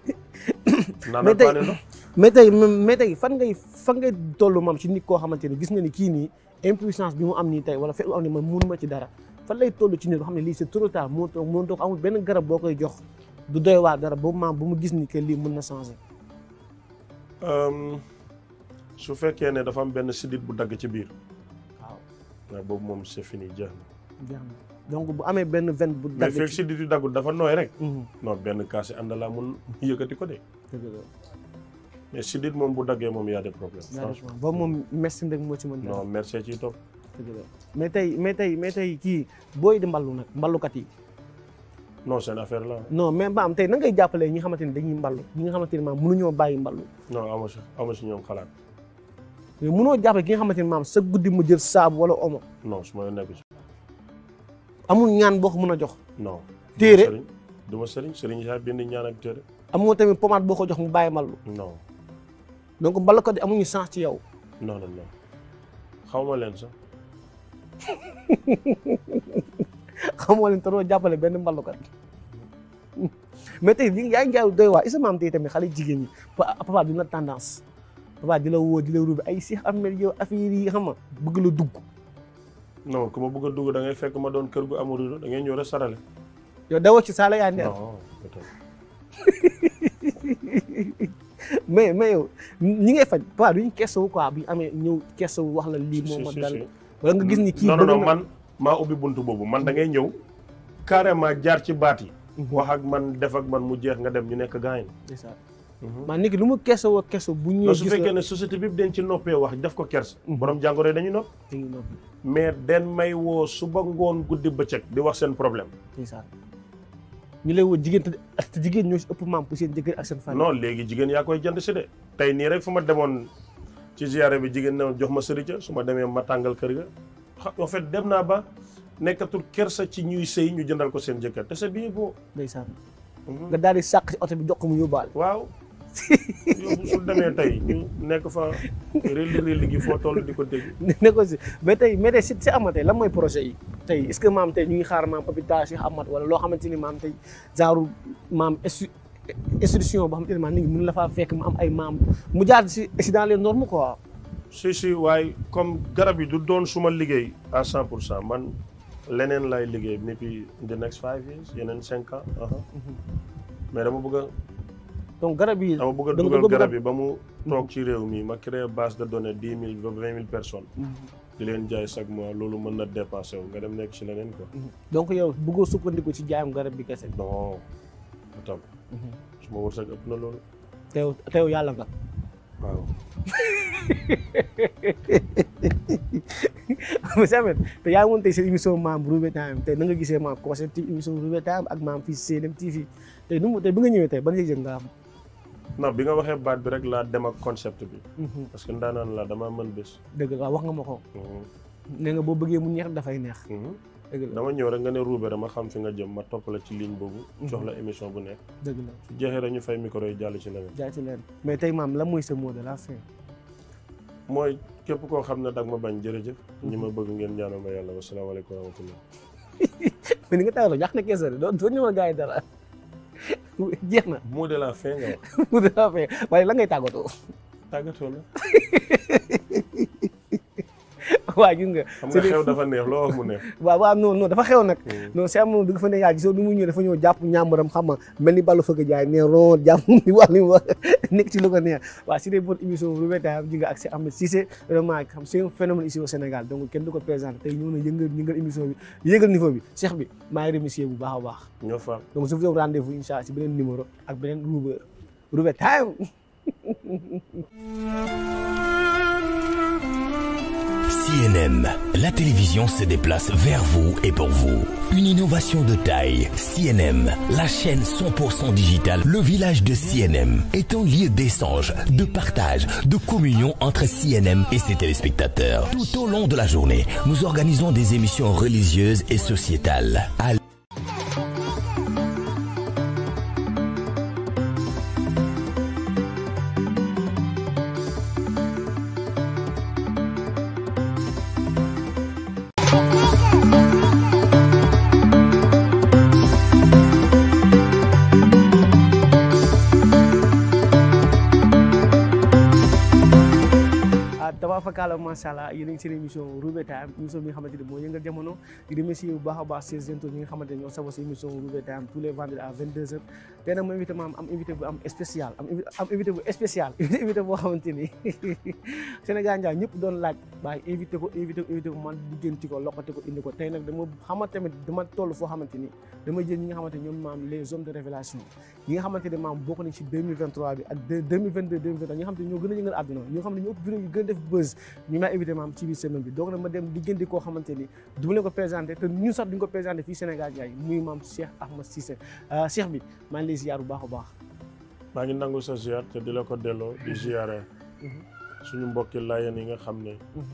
naan ak paane ndox mais tey mais tey fan ngay fan ngay toll maam ci koo xamante ni gis nga ni kii nii impuissance bi mu am tey wala fekk am ni man mënuma ci dara fan lay toll ci nit boo xam ne lii c'est trop tard moo toog moo toog amul benn garab boo koy jox du doy waar dara boobu maam bu mu gis ni que lii mun na changer. Euh, su fekkee ne dafa am benn sidit bu dagg ci biir. waaw mais boobu moom c'est fini jeex na. jeex bu amee benn veine bu. dagg ci mais dafa nooy rek. Mhm. non benn kaas yi ànd laa mun yëkkati ko de. mais sidit moom bu daggee moom y a des problèmes. boobu moom merci rek moo ci mën. non merci ciy mais tey mais tey mais tey kii booy di mballu nag mballukat yi. non seen affaire la non mais Mbaam tey na ngay jàppalee ñi nga xamante ni dañuy mballu ñi nga xamante ni maam mënuñoo bàyyi mballu non amu si amu si ñoom xalaat mais xamante ni maam sa guddi mu jël saabu wala omo non su amul ñaan boo ko mën a jox non téere du ma sëriñ sëriñ saa bind ñaan ak téere amoo tamit pommade boo ko jox mu bàyyi mballu non donc mbal ko di amuñu chance ci yow non non non xaw ma sax xamoo leen te doo jàppale benn mballukat mais tey yaa ngi jaay doy waa isa maam tey tamit xale jigéen ñi papa dina papa di la woo la rubi ay si Ahmed yow yi xam nga la dugg. non ku ma a dugg da fekk ma doon kër gu amul rido da ngay ñëw rek sarale. yow dawoo ci saala yaa neex. non mais mais yow ñi ngay faj papa duñ keesawu quoi bu ñu amee ñëw wu wax la lii. moom ma dal wala nga gis ni kii non ma ubi buntu bobu man da ngay ñew carrément jaar ci baati mhm. wax ak man def ak man mu jeex nga dem ñu nekk gaay ni mhm. man ki lu mu kesso wa kesso bu ñu. gis su fekkee ne société bi dañ ci noppé wax def ko kers mhm. borom jangoro dañu nopp. mais den may wo su ba ngoon guddi beccëk di wax seen problème. ñu lay wo jigen te jigen ñoo ci ëpp maam pour seen jëkkër ak seen famille. non légui jigen ya koy jënd ci dé tay ni rek fuma démon ci ziaré bi jigen na jox ma sëri ca suma démé ma tangal kër ga. en fait dem naa ba nekkatul kersa ci ñuy sëy ñu jëndal ko seen jëkkër te c'est bien beau. Mhm. nga daal di sàq ci oto bi jox ko mu yóbbaale. waaw yow su demee tey ñu nekk fa réelli réelli gi foo toll di ko dégg. ne ko si mais tey amatee lan mooy projet yi. tey est-ce maam tey ñu ngi xaar maam papitage yi amat wala loo xamante ni maam tey genre maam institution boo xamante ni maam nit ñi la faa fekk mu am ay maam mu jaar si si dans les normes quoi. si si waaye comme garab yi du doon suma liggéey à cent pour cent man leneen lay liggéey maybe the next five years yeneen cinq ans uh-huh. mm-hmm. mais dama bëgg a donc garab yi dama bëgg a dugal garab yi ba mu mm-hmm. toog ci réew mi ma créer base de données dix mille ba vingt mille personnes mm-hmm. di leen jaay chaque mois loolu mën na dépassé wu nga dem nekk ci leneen quoi donc yow buggoo sukkandiku ci jaayam garab bi kese non atam su ma wërsëg ëpp na loolu teew teew yàlla nga waaw. Moussaoui te yaa ngi woon tey seen émission maam Roubé Time tey na nga gisee maam concept émission Roubé Time ak maam fii CNM TV tey nu mu tey bi nga ñëwee tey ba yëg-yëg nga am. non bi nga waxee baat bi rek laa dem ak concept bi. Mhm. parce que ndaanaan la damaa man bés. dëgg la wax nga ma ko. Mhm. nee nga boo bëggee mu neex dafay neex. Mhm. dama ñëw rek nga ne ruube ma xam fi nga jëm ma topp la ci ligne boobu. Mhm. jox la émission bu nekk. dëgg la jeexee rek ñu fay micro yi jàll ci leneen. jàll ci leneen mais tey maam la mooy sa mot de la fin. mooy képp koo xam ne dag ma bañ jërëjëf. Mhm. ñi ma bëgg ngeen ñaanal ma yàlla wasalaamaaleykum wa rahmatulah. mais ni nga tawaloo ñax na kees rek doon doon ñu ma dara jeex na. mot de la fin waaye la ngay tàggatoo. tàggatoo la. waa gis nga. xam nga xew dafa neex loo mu neex. waaw waaw non dafa xew nag. Hmm. non si amoon dafa ne yaa gisoo du mu ñëw nekk ci lu ko neex waaw si dee bonne émission lu weta ji ak si beneen numéro ak beneen Roube time CNM, la télévision se déplace vers vous et pour vous. Une innovation de taille. CNM, la chaîne 100% digitale, le village de CNM, est un lieu d'échange, de partage, de communion entre CNM et ses téléspectateurs. Tout au long de la journée, nous organisons des émissions religieuses et sociétales. Thank you. tubaarkàlla macha allah yéen a ngi seen émission Roube Time émission moo yëngal jamono di remercier bu baax a baax ses entos xamante ñoo gën a yëngal àdduna ñi nga ñoo ëpp yu gën a def buzz ñu may invité maam ci biir semaine bi donc nag ma dem diggante koo xamante ni du ma leen ko présenté te ñun sax duñ ko présenté fii Sénégal yaay muy maam Cheikh Ahmed Cissé euh, Cheikh bi maa ngi lay ziar bu baax a baax. maa ngi nangu sa ziar te di la ko delloo di ziare. Mhm. suñu mbokki laayeen yi nga xam ne. Mhm.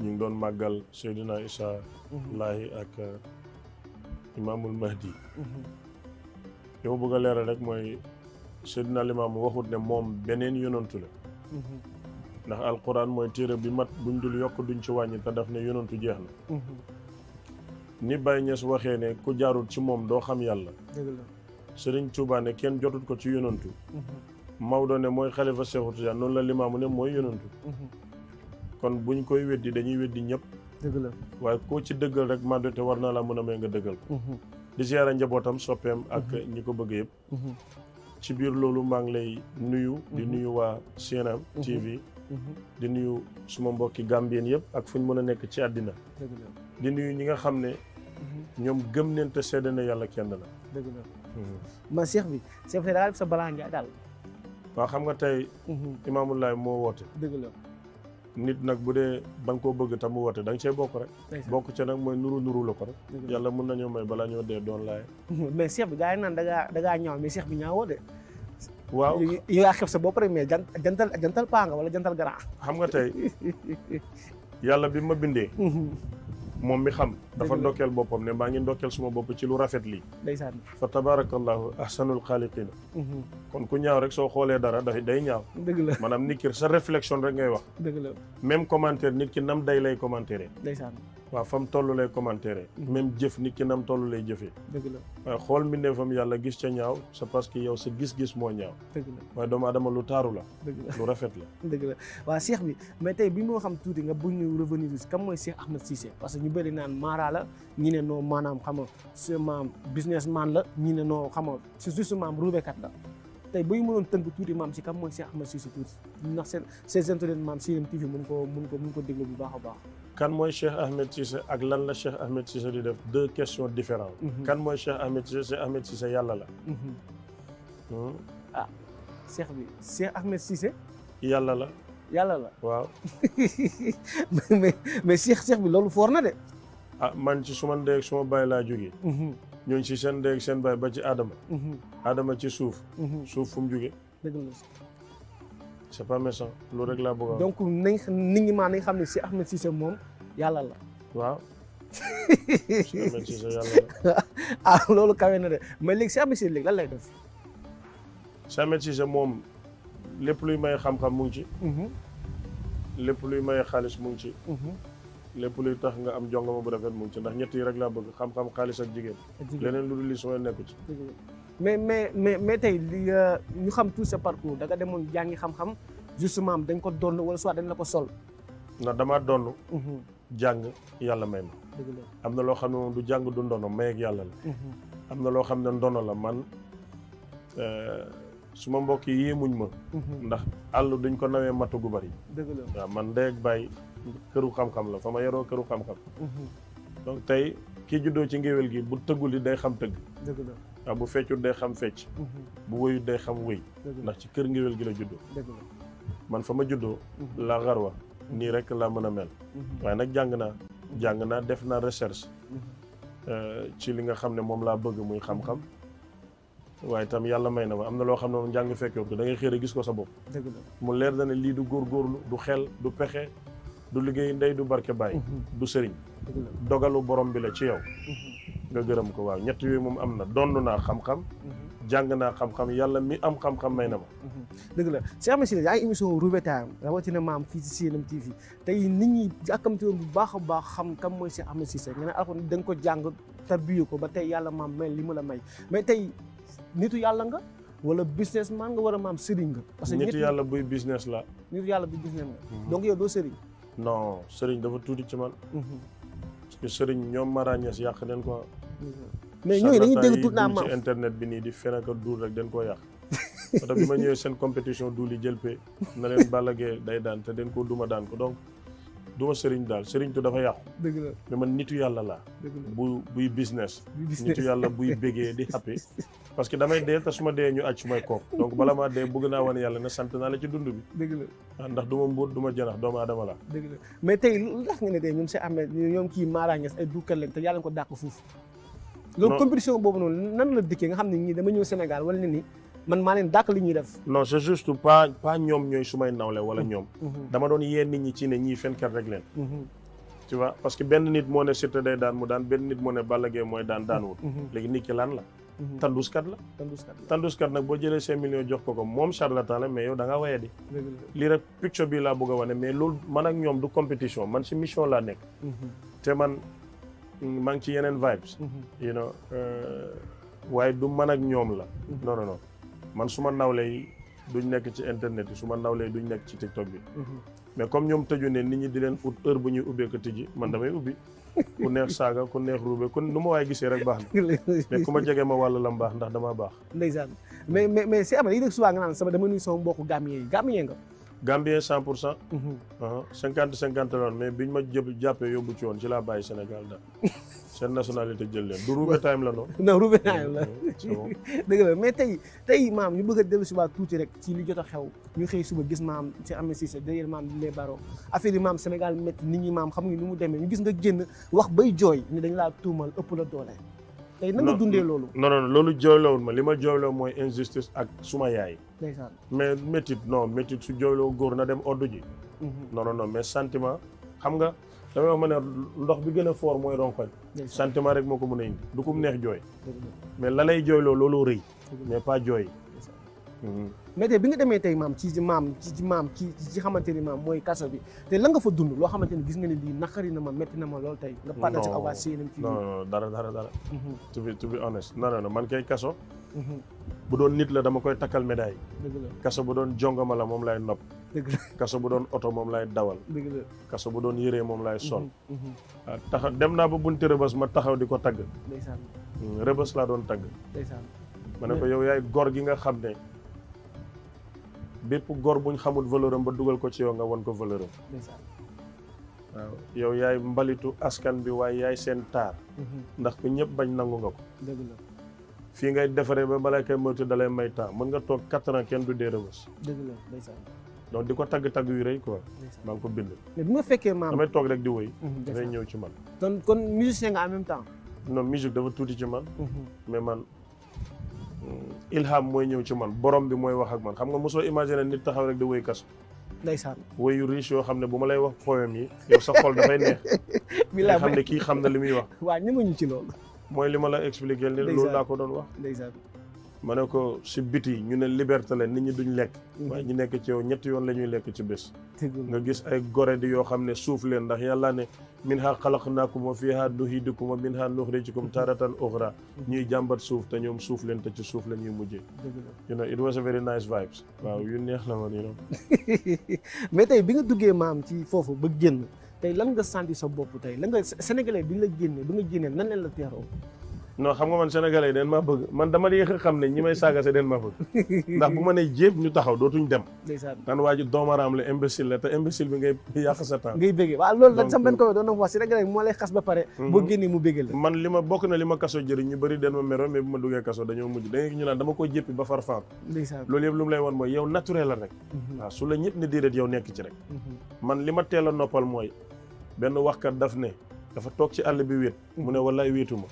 ñu ngi doon màggal Seydina Issa mhm. Lahi ak euh, Imaamul Mahdi. yow bëgg a leeral rek mooy Seydina Limaamu waxut ne moom beneen yonantu la. ndax alquran mooy téere bi mat buñ dul yokk duñ ci wàññi te daf ne yonantu jeex na mhm. ni Baye Niass waxee ne ku jaarut ci moom doo xam yàlla Sëriñ Tuubaa ne kenn jotut ko ci yonantu mhm. Maodo ne mooy xalifa Seexu Tijaan noonu la limaamu ne mooy yonantu mhm. kon buñ koy weddi dañuy weddi ñëpp dëgg la waaye koo ci dëggal rek maa dote war naa laa mën a may nga dëggal ko di siyaare njabootam soppeem ak ñi ko bëgg yëpp ci biir loolu maa ngi lay nuyu di nuyu waa CNN Mhm. di nuyu suma mbokki gambien yëpp ak fuñ mëna a nekk ci àddina di nuyu ñi nga xam ne mhm. ñoom gëm neen te seede na yàlla kenn la mhm. ma cheikh bi seex bi daal sa balaa ngaa daal waaw xam nga tey imaamulaay moo woote dëgg la nit nag bu dee da nga koo bëgg tam mu wote da nga cee bokk rek bokk ci nag mooy nuru nuru la ko rek yàlla mun nañoo may balaa ñoo dee doon laay mais cheikh bi gars yi naan da ngaa da ngaa ñaaw mais cheikh bi ñaawoo de waaw yi nga xef sa boo pare mais jantal jantal paa nga wala jantal garaa xam nga tey yàlla bi ma bindee mhm. moom mi xam dafa ndokkeel boppam ne maa ngi ndokkeel suma bopp ci lu rafet lii ndeysaan fa tabarakallahu ahsanul xaaliqina mhm. kon ku ñaaw rek soo xoolee dara dafay day ñaaw dëgg la maanaam nit ki sa réflexion rek ngay wax dëgg la même commentaire nit ki nam day lay commentaire ndeysaan waaw fam tollu lay commentaire même jëf nit ki nam toll lay jëfee dëgg la waaye xool mbindeefam yàlla gis ca ñaaw c'est parce que yow sa gis-gis moo ñaaw dëgg la waaye doomu adama lu taaru la dëgg lu rafet la dëgg la waaw Cheikh bi mais tey bi moo xam tuuti nga bu ñu revenir si kan mooy Cheikh Ahmed Cissé parce que ñu bëri naan maara la ñi ne noo maanaam xam nga c'est maam businessman la ñi ne noo xam nga c'est juste maam ruubekat la tey bu ñu mënoon tënk tuuti maam si kan mooy Cheikh Ahmed Cissé tuuti ndax seen seen seen maam si TV mën ko mën ko mën ko déglu bu baax a baax kan mooy Cheikh Ahmed Cissé ak lan la Cheikh Ahmed Cissé di def deux questions différentes mm-hmm. kan mooy Cheikh Ahmed Cissé Cheikh Ahmed Cissé yàlla la mm-hmm. hmm? ah Cheikh bi Cheikh Ahmed Cissé yàlla la Yalla la waaw mais mais Cheikh Cheikh bi loolu foor na de ah man ci suma ndey ak suma bay baay laa jógee mm-hmm. ñooñ ci sen ndey ak sen bay ba ci Adama Adama ci suuf suuf fu mu jógee dëgg la c'est pas méchant loolu rek laa bëgg donc nañ nit ñi maa nañ xam si Ahmed Cissé moom si Ahmed Cissé yàlla la. ah loolu kawe na de mais léegi si Ahmed lay def. si Ahmed moom lépp luy may xam-xam mu ngi ci. Mhm. lépp luy may xaalis mu ngi ci. Mhm. lépp luy tax nga am jongama bu rafet mu ci ndax ñett yi rek laa bëgg xam-xam xaalis ak jigéen. lu dul li sooy nekku ci. mais mais mais mais tey euh, ñu xam tout ce parcours danga nga demoon jàngi xam-xam justement dañ ko donn wala soit dañ la ko sol. ndax damaa donn mhm. jàng yàlla may ma. am na loo xam ne moom du jàng du ndono yàlla la. Mhm. am na loo xam ne ndono la man euh, suma mbokk yi yéemuñ ma. Mhm. ndax àll duñ ko nawee matu gu bari. dëgg waaw man ndey ak bàyyi këru xam-xam la fa ma yaroo këru xam-xam. donc tey kii juddoo ci ngéwél gi bu tëggul yi day xam tëgg. dëgg la. Abu bu feccul day xam fecc mhm. bu wëyut day xam woy ndax ci kër ngeewel gi la juddoo man fama ma mhm. la garwa ni rek la meuna mel mhm. way nak jangna jangna def na recherche euh, ci li nga xamne ne la bëgg muy xam-xam waaye tam yalla may na ma am na loo xam ne da ngay xëy gis ko sa bop mu leer li du gor du lu du xel du pexé du liggéey ndey du barke bay, du sëriñ dogalu borom bi la ci yow nga gërëm ko waaw ñett yooyu moom am na donn naa xam-xam mhm. jàng naa xam-xam yàlla mi am xam-xam may na ma mhm. dëgg la Cheikh si yaa ngi émission Roube Time rawatina maam fii ci CNM TV tey nit ñi yàkkamti woon bu baax a baax xam kam mooy si Cheikh Ahmed Cissé nga ne alxuraan da nga ko jàng tarbiyu ko ba tey yàlla maam may li mu la may mais tey nitu yàlla nga wala business man nga war a maam sëriñ nga parce que nitu yàlla buy business la nitu yàlla buy business la mhm. donc yow doo sëriñ non sëriñ dafa tuuti ci man ñu sëriñ ñoom marañes yàq den ko mhm. mais ñooñu dañuy dégg ci internet bi nii di fen ak duul rek den koo yàq parce bi ma ñëwee seen compétition duul yi jël na leen ballagee day daan te den koo duma daan ko donc duma sëriñ daal sëriñ tu dafa yàqu dëgg la mais yàlla laa buy business nitu yàlla buy bégee di happy parce que damay dee te su dee ñu àcc may koom donc bala maa dee bëgg naa wan yàlla ne sant naa la ci dund bi. dëgg la ah, ndax du ma mbóot du ma doomu aadama la. dëgg ne tey ñun si Ahmed ñoom kii Mara te ko dàq fuuf. loolu compétition boobu noonu nan la dikkee nga xam ne ñii dama ñëw Sénégal wala ne ni man maa leen dàq li ñuy def. non c'est juste pas pas ñoom ñooy su wala ñoom. Mm-hmm. dama doon yee nit ñi ci ne ñii fenkat rek leen. Mm-hmm. tu vois parce que benn nit moo ne Siteu day daan mu daan benn nit moo ne Balla mooy daan daanuwut mhm. léegi nit ki lan la mhm. tanduskat la tanduskat tanduskat nag boo jëlee cinq millions jox ko ko moom charlatan la mais yow da nga waye di lii rek picture bi laa bëgg a wane mais loolu man ak ñoom du compétition man si mission laa nekk mhm. te man mm, maa ci yeneen vibes you know euh, waaye du man ak ñoom la non non man su ma nawlee duñ nekk ci internet yi su ma nawlee duñ nekk ci tiktok bi mais comme ñoom tëju ne nit ñi di leen ut heure bu ñuy ubbee ko tijji man damay ubbi ku neex saaga ku neex ruube ku nu ma waaye gisee rek baax na mais ku ma jege ma wàllu la baax ndax damaa baax ndeysaan mais mais mais si ama yi dégg souvent nga naan sama dama nuyu sama mbokku gambien yi gambien nga gambien cent pour cent mhm. ah, cinquante cinquante la mais bi ñu ma jë jàppee yóbbu ci woon ci laa bàyyi Sénégal daal seen nationalité jël leen du Roubaix time la non. non time la dëgg la mais tey tey maam ñu bëgg a dellu si waat tuuti rek ci li jot a xew ñu xëy suba gis maam ci Ahmed Cissé derrière maam di lay baro affaire yi maam Sénégal métti ñi maam xam nga ni mu demee ñu gis nga génn wax bay jooy ni dañ laa tuumal ëpp la doole tey nan nga dundee loolu non non loolu jooylawul ma li ma jooylaw mooy injustice ak suma yaay mais métit non métit su jooyloo góor na dem oddu ji mhm. non non non mais sentiment xam nga dama wax ma ne ndox bi gën a foor mooy ronkoñ sentiment rek moo ko mën a indi du ko neex jooy mais la lay jooy loolu looloo rëy mais pas jooy mhm. mais bi nga demee tey maam ci ci maam ci maam ci ci xamante ni maam mooy kaso bi te la nga fa dund loo xamante ni gis nga ne lii naqari na ma métti na ma lool tey nga partagé ak waa CNN fii non dara dara dara mhm. to be to be honest non non man kay kaso mhm. bu doon nit la dama koy takkal médaille kaso bu doon jongama la moom lay nopp kaso bu doon oto moom lay dawal kaso bu doon yéree moom lay sol mm-hmm, mm-hmm. ah, taxaw dem naa ba bunti rëbës ma taxaw di ko tagg hmm, rëbës laa doon tagg ma ne ko yow yaay gor gi nga xam ne bépp gor buñ xamul valeur am ba dugal ko ci yow nga wan ko valeur yow yaay mbalitu askan bi waaye yaay seen taar mm-hmm. ndax ku ñëpp bañ nangu nga ko fii ngay defaree ba balaa kay moytu dalay may temps mën nga toog quatre ans kenn du dee rëbës dëgg donc di ko tagg tagg yu rey quoi. maa ngi ko bind. mais bu ma fekkee maam damay toog rek di woy mhm, damay ñëw ci man. kon kon musicien nga en même temps. non musique dafa tuuti ci man. Mhm. mais man hmm, ilham mooy ñëw ci man borom bi mooy wax ak man xam nga mosoo imaginer nit taxaw rek di woy kasu. ndeysaan woy yu riche yoo xam ne bu ma lay wax poème yi yow sa xool dafay neex. bilaay xam ne kii xam na li muy wax. waaw ñu ci loolu. mooy li ma la expliqué. ndeysaan loolu laa ko doon wax. ma ne ko si biti ñu ne liberté la nit ñi duñ lekk mhm. waaye ñu nekk ci yow ñetti yoon la ñuy lekk ci bés nga gis ay gore di yoo xam ne suuf leen ndax yàlla ne min naa ha xalaqnaakum wa fiha nuhidukum wa min ha nuxrijukum mhm. taratan uxra mhm. ñuy jàmbat suuf te ñoom suuf leen te ci suuf la ñuy mujjee you know it was a very nice vibes waaw yu neex la woon you know mais tey bi nga duggee maam ci foofu ba génn tey lan nga senti sa bopp tey lan nga sénégalais bi la génnee bi nga génnee nan leen la teeroo non xam nga man sénégalais yi den maa bëgg man dama yéex a xam ne ñi may saagase den maa bëgg ndax bu ma nee jéeb ñu taxaw dootuñ dem naan waa ji doomaraam la imbécile la te imbécile bi ngay yàq sa temps ngay bëggee waaw loolu nag sama euh, ko doon na wax sénégalais moo lay xas ba pare mhm. boo génnee mu bëggal la man li ma bokk na li ma kaso jëriñ ñu bëri den ma mero mais bu ma duggee kaso dañoo mujj da ngay ñu naan dama ko jéppi ba far faam loolu yëpp lu mu lay wan mooy yow naturel la rek mhm. mhm. a noppal mooy toog ci àll bi wéet mu ne wallaay wéetuma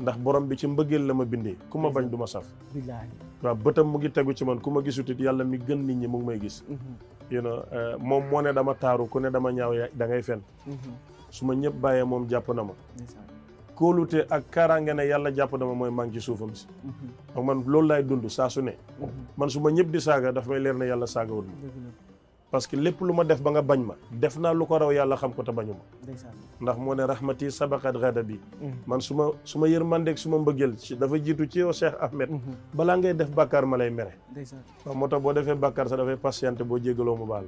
ndax borom bi ci mbeugel la ma bindee ku bañ duma saf billahi wa beutam mu ngi teggu ci man kuma gisut it yalla mi gën nit ñi mu ngi gis mhm. you know eh, mom mo ne dama taru ku ne dama ñaaw ya, da ngay fen mhm. suma ñepp baye mom japp na ma luté ak kaaraange ne yalla japp dama moy mang ci suufam ci mhm. ak man lool lay dund sa su ne man suma ñepp di saga daf may leer ne yalla saga parce que lepp luma def ba nga bañ ma def na lu ko raw yalla xam ko ta bañuma ndax mo ne rahmati sabaqat ghadabi mm. man suma suma su ma yërmandeeg su ma ci dafa jitu ci yow Cheikh Ahmed mm-hmm. bala ngay def bakkar Malay lay mere waaw moo tax bo defé bakkar sa dafay patienté bo jégaloo mu bal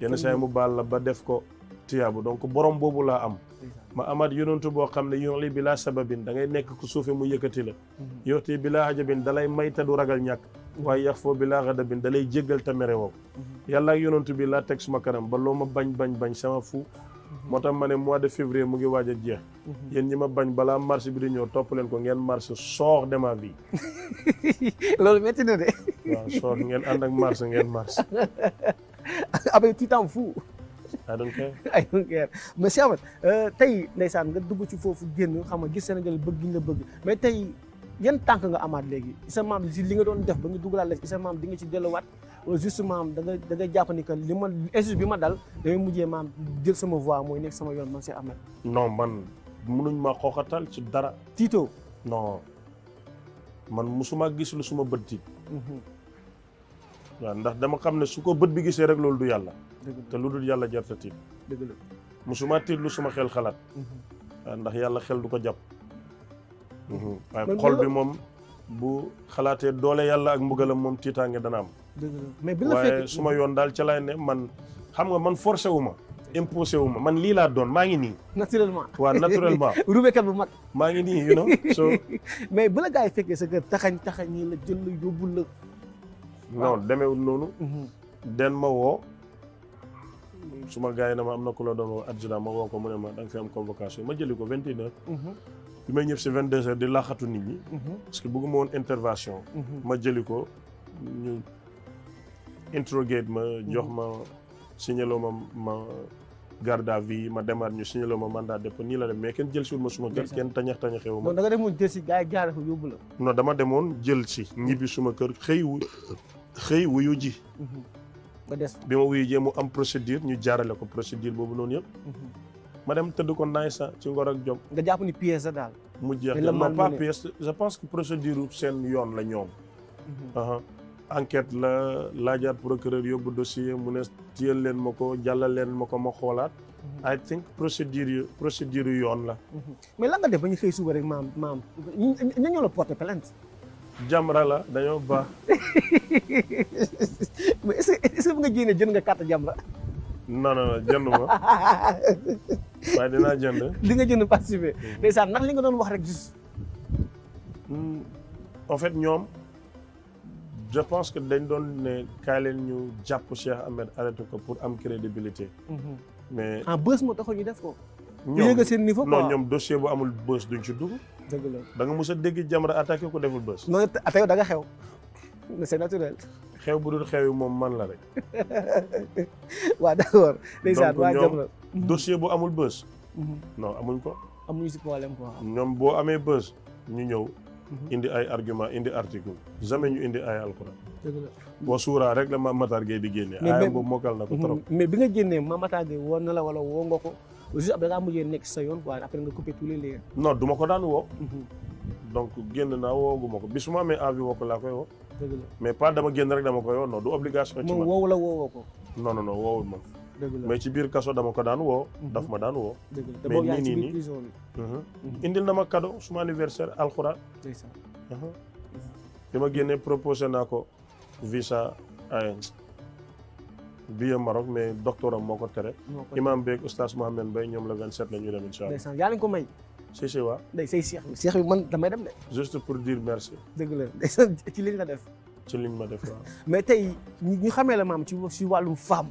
yene say mu bal la ba def ko tiyabu donc borom bobu la am ma amad yonentu bo xamne ne bila sababin da ngay nek ku soufey mu yëkkati la mm-hmm. yoxti bila hajabin dalay may ta du ragal ñak way yax foo bi la xadabin da lay jéggal te mere woo mhm. yàlla ak yonantu bi la tek suma karam ba loma bagn bagn bagn sama fu motam mané mois de février mu ngi waja a jeex mhm. yéen ñi ma bañ mars bi di ñëw top leen ko ngeen marché soox de ma vie loolu métti na de waaw soox ngeen and ak mars ngeen mars abé tout temps fu I don't care I don't care mais Cheikh euh, tay ndeysaan nga dugg ci fofu genn xam nga gis Sénégal bëgg ñu la bëgg mais tay yen tank nga amat léegi isa mam ci li nga don def ba nga dugalaat la isa mam di nga ci delluwaat wala juste mam da nga da nga japp ni que lima ma bima dal da dal mujjé mam mam jël sama voix moy nek sama yoon man ci amat non man munuñ ma xoxatal ci dara tito non man musuma gis lu suma beut tiit hmm ndax dama xamne suko beut bi gisee rek lolou du yalla te du yalla jartati deug la musuma tit lu suma xel mhm. ndax yalla xel du ko waaye mm-hmm. xol bi moom bu xalaatee doole yàlla ak mbugalam moom tiitaange dana am. mais bi suma yoon daal ca ne man xam nga man forcé wu ma. imposé wu ma man lii laa doon maa ngi nii. naturellement waaw naturellement. rubekat bu mag. maa ngi nii you know so. mais bu la gaa yi fekkee sa kër taxañ taxañ la jël la yóbbu la. non demeewul noonu. Mm-hmm. den ma woo. suma gaa yi ne ma am na ku la doon woo adjudant ma woo ko mu ne ma da fi am convocation ma jëli ko vingt et une bi may ñëw si vingt deux heures di laaxatu nit ñi. Mhm. parce que bëgguma woon intervention. Mhm. ma jëli ko ñu interrogate ma jox ma mhm. signaloo ma ma garde à vue ma demaat ñu signaloo ma mandat dépôt nii la dem mais kenn jël si wul suma kër kenn tañax tañaxewu ma. non da nga demoon jël si gars yi jaaree ko yóbbu la. dama demoon jël si. ñibbi suma kër xëy wu xëy wuyu ji. des bi ma wuyu mu am procédure ñu jaarale ko procédure boobu noonu yëpp. ma dem tëdd ko naaj sa ci ngor ak jom. nga jàpp ni pièce la daal. mu jeex non pas pièce je pense que procédure seen yoon la ñoom. Mhm. enquête la laajaat procureur yóbbu dossier mu ne téyal leen ma ko jàllal leen ma ko ma xoolaat. Mhm. I think procédure yu procédure yu yoon la. Mhm. mais lan def ba ñu xëy suba rek maam maam ñu ñoo la porté plainte. Jamra la dañoo baax. mais est-ce que est-ce que nga génne jën nga carte Jamra. non non jënd ma waaye dinaa jënd. li nga jënd participer. Mm. ndeysaan ndax li nga doon wax rek juste. Mm, en fait ñoom je pense que dañ doon ne kaay leen ñu jàpp Cheikh Ahmed arrêté ko pour am crédibilité. Mm-hmm. mais ah bës moo taxoon ñu def ko. ñoom yéeg seen niveau quoi non ñoom dossier amul bës duñ ci dugg. dëgg la mos a dégg Jamra attaqué ko deful bës. non attaqué da nga xew. c'est naturel. xew bu dul xew yi moom man la rek. waa d'accord. ndeysaan waa jëm la mhm. dossier bu amul bës. Mhm. no amuñ ko. amuñu si problème quoi. ñoom boo amee bës ñu ñëw. Mhm. indi ay argument indi article jamais ñu indi ay alxuraan. dëgg la boo suuraa rek la Mame Matar Gueye di génne. mais ayam boobu na ko trop. mais bi nga génnee Mame Matar Gueye woon na la wala woo nga ko juste après nga mujjee nekk sa yoon waa après nga coupé tous les liens. non ma ko daan woo. donc génn naa woo wooguma ko bi su ma amee envie laa koy woo. mais pas dama génn rek dama ko yoon non du obligation. ci man woowu la woowoo ko. non non non woowul man. mais ci biir kaso dama ko daan woo. Mhm. dafa ma daan woo. mais nii nii nii mhm. Mhm. indil na ma cadeau suma anniversaire alxuraan. bi ma génnee proposé naa ko visa AN. biir Maroc mais docteur am moo ko tere. imam beeg oustaz Mohamed Mbaye ñoom la 27 la ñu dem incha allah. may. si si waaw. day say seex seex bi man damay dem de. juste pour dire merci. dëgg sa ci li nga def. ci li ma def waaw. mais tey ñu xamee la maam ci si wàllum femme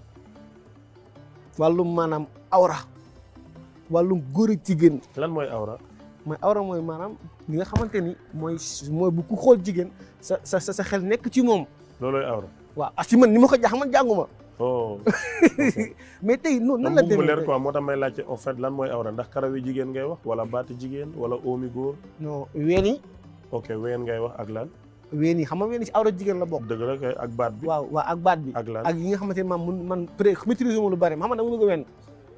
wàllum maanaam awra wàllum góor ak jigéen. lan mooy awra. mooy awra mooy maanaam li nga xamante ni mooy mooy bu ku xool jigéen sa sa sa xel nekk ci moom. loolooy awra. waaw ah ci man ni ma ko jaax man jàngu oh. mais tey noonu nan la demee bu moo tax may laajte en fait mooy awra ndax karaw jigéen ngay wax wala baati jigéen wala oomi góor. non ween yi. ween ngay wax ak lan. ween yi xam nga ween yi si awra jigéen la bokk. dëgg la kay ak baat baat bi. ak lan ak yi nga xamante ne man mun man pré maîtriser lu bari ma xam ne dama bëgg ween.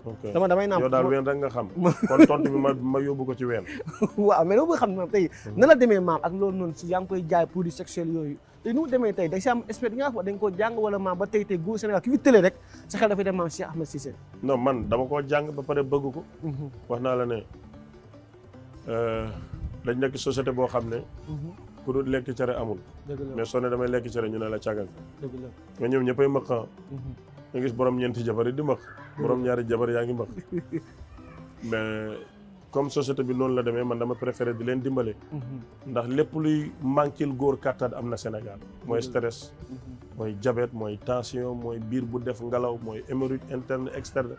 ok damay naam yow daal ween nga xam. kon tontu bi ma ma ko ci ween. waaw mais xam ne maam tey. Hmm. nan demee maam ak loolu noonu si yaa ngi koy jaay produits sexuels yooyu té nu démé tay da ci am nga wala dañ ko jang wala ma ba tay tay gu Sénégal ki fi tëlee rek sa xel dafay dem am Cheikh Ahmed Cissé non man dama ko jang ba paré bëgg ko wax na la né euh dañ nek société bo xamné ku do lekk ci amul mais soné dama damay ci ré ñu ne la càggal nga ñoom ñëppay mëq nga gis borom ñent jabar di mëq borom ñaari jabar yaangi ngi mais comme société bi non la démé man dama préféré di len dimbalé mhm. ndax lépp luy mankil gor kàttan amna Sénégal. moy mhm. stress. moy mhm. diabète moy tension moy bir bu def ngalaw moy hémorroïde interne externe.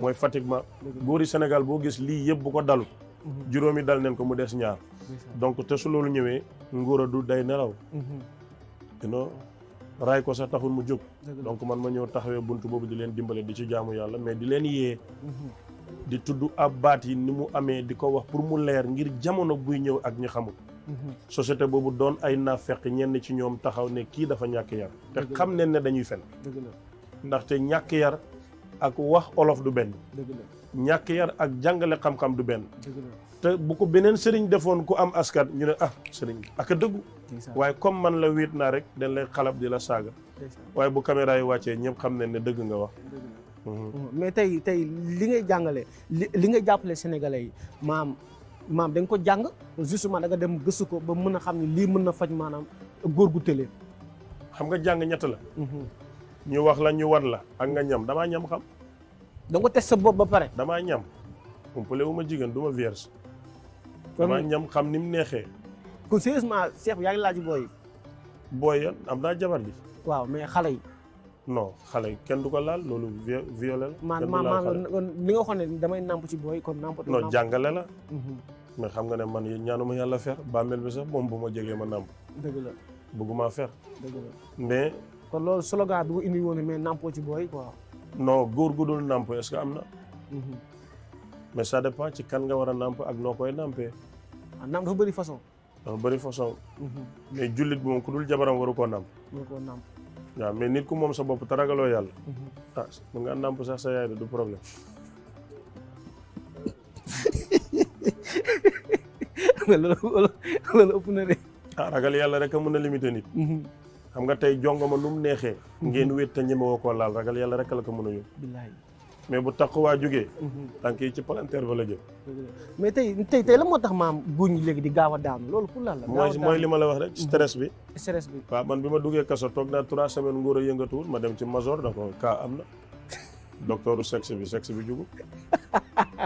moy fatiguement. góor yi Sénégal bo gis li yépp bu ko dalu. juromi dal neen ko mu dess ñaar. donc té su lolu ñëwé ngora du day nelaw. know ray ko sa taxul mu donc man ma ñëw taxawé buntu bobu di len dimbalé di ci jaamu yalla mais di len yé di tudd ab baat yi ni mu amee di ko wax pour mu leer ngir jamono buy ñëw ak ñu xamul mhm. société boobu doon ay naafeq ñenn ci ñoom taxaw ne kii dafa ñàkk yar te xam ne ne dañuy fen ndaxte ñàkk yar ak wax olof du benn ñàkk yar ak jàngale xam-xam du benn te bu ko beneen sëriñ defoon ku am askat ñu ne ah sëriñ bi ak a dëggu waaye comme man la wéet naa rek dañ lay xalab di la saaga waaye bu caméra yi wàccee ñëpp xam ne ne dëgg nga wax Mm-hmm. mais tey tey li ngay jàngale li li ngay jàppale sénégalais yi maam maam da nga ko jàng justement da nga dem gëstu ko ba mën a xam ni lii mën na faj maanaam góor gu tëlee xam nga jàng ñett la mm-hmm. ñu wax la ñu wan la ak nga ñam damaa ñam xam da ko tes sa bopp ba pare damaa ñam umpale wu ma jigéen du ma vierge damaa ñam xam ni mu neexee kon sérieusement Cheikh yaa ngi laaj booy booy yan am naa jabar bi waaw mais xale yi non xale yi kenn du ko laal loolu violé la. maanaam maanaam li nga xam ne damay namp ci booy comme namp. non jàngale la. Mhm. mais xam nga ne man ñaanuma yàlla fer bàmmeel bi sax moom bu ma jegee ma namp. dëgg la bëgguma fer. dëgg la mais. kon loolu slogan bi mu indi woon mais nampoo ci booy quoi. non góor gu dul namp est-ce que am na. Mhm. mais ça dépend ci kan nga war a namp ak noo koy nampee. ah namp dafa bëri façon. dafa bëri façon. Mhm. mais jullit bi moom ku dul jabaram waru koo namp. waru koo namp. Ya mais nit ku mom sa bopp te ragaloo ah nga nàmp sax sa yaay du problème loolu loolu ëpp na ah ragal yàlla rek a mën a nit xam nga tey jongoma ngeen laal ragal rek la ko mais bu taqwaa jógee mhm. tànk yi ci palanteer ba la jëm mais tey tey la moo tax maam góor léegi di gaaw a daanu loolu pour lan la mooy mooy li ma la wax rek mhm. stress bi stress bi waaw man bi ma duggee kaso toog naa trois semaines nguur a yëngatuwul ma dem ci major da ko kaa am na docteur sexe bi sexe bi jugu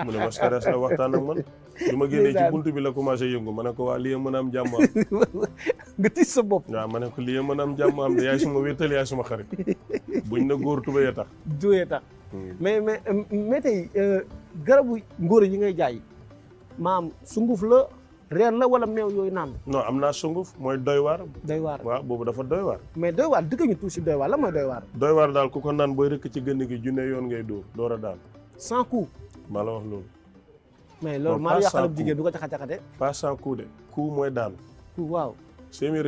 mu ne ma stress la waxtaan ak man bi ma génnee ci buntu bi la commencé yëngu ma ne ko waa lii mën a am jàmm am nga tiis sa bopp waaw ma ne ko lii mën a am jàmm am yaay suma wéttal yaay suma góor tubéyee tax tubéyee tax hmm. mais mais euh, mais euh, garabu ngóor yi ngay jaay maam sunguf la reer la wala meew yooyu naan non am naa sunguf mooy doy waar doy waar waaw boobu dafa doy waar mais doy waar dëgg ñu tuuti doy waar la mooy doy waar doy waar daal ku ko naan booy rëkk ci gënn gi junne yoon ngay dóor door daal sans coup maa la wax loolu mais loolu maa yoo xam jigéen du ko caxat-caxate pas sans coup de coup mooy daanu coup waaw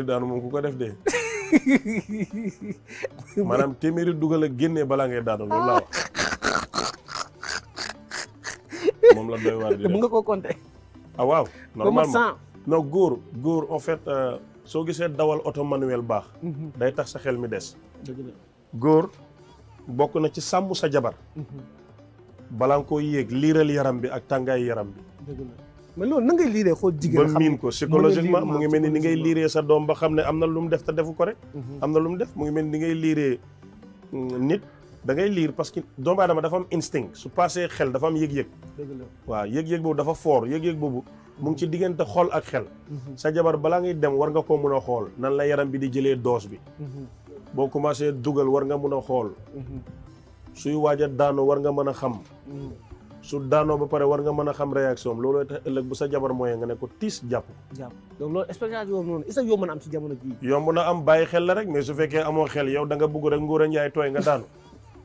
daanu moom ku ko def dee maanaam téeméeri dugal a génne balaa ngay daanu loolu la doy nga koo compter ah waaw normalement non góor góor en fait euh, soo gisee dawal oto manuel baax mhm. day tax sa xel mi des góor bokk na ci sàmm sa jabar mhm. balaa nga koo yéeg liiral yaram bi ak tàngaay yaram bi. dëgg la mais loolu na ngay liiree xool jigéen. ba miin ko psychologiquement mu ngi mel ni ni ngay liiree sa doom ba xam ne am na lu mu def te defu ko rek. Mhm. am na lu mu def mu ngi mel ni ngay liiree mm, nit. da ngay liir parce que doomu aadama dafa am instinct su passé xel dafa am yëg-yëg. waaw yëg-yëg boobu dafa fort yëg-yëg boobu mu ngi ci diggante xool ak xel. Mhm. sa jabar balaa ngay dem war nga koo mën a xool nan la yaram bi di jëlee doos bi. Mhm. boo commencé dugal war nga mën a xool. suy waaj a war nga mën a xam. su daanoo ba pare war nga mën a xam réaction am looloo tax ëllëg bu sa jabar mooyee nga ne ko tiis jàpp. jàpp donc loolu expérience boobu noonu am jamono jii. yomb na am bàyyi xel la rek mais su fekkee amoo xel yow da nga bugg rek nguur a njaay tooy nga daanu.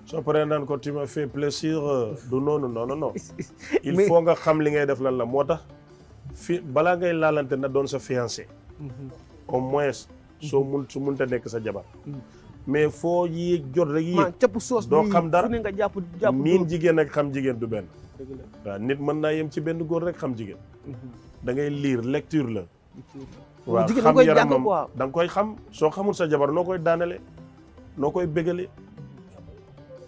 soo paree naan ko tu me fais plaisir euh, du noonu non non non. il faut nga xam li ngay def lan la moo tax. fi balaa ngay laalante na doon sa fiancé. Mhm. au moins soo mun su ta nekk sa jabar. Mm. mais foo yéeg jot rek yéeg cëpp soos doo xam dara ne nga jàpp jàpp miin jigéen ak xam jigéen du benn waaw nit mën naa yem ci benn góor rek xam jigéen mhm. da ngay lire lecture la waaw xam yaramam da nga koy xam soo xamul sa jabar noo koy daanale noo koy bégale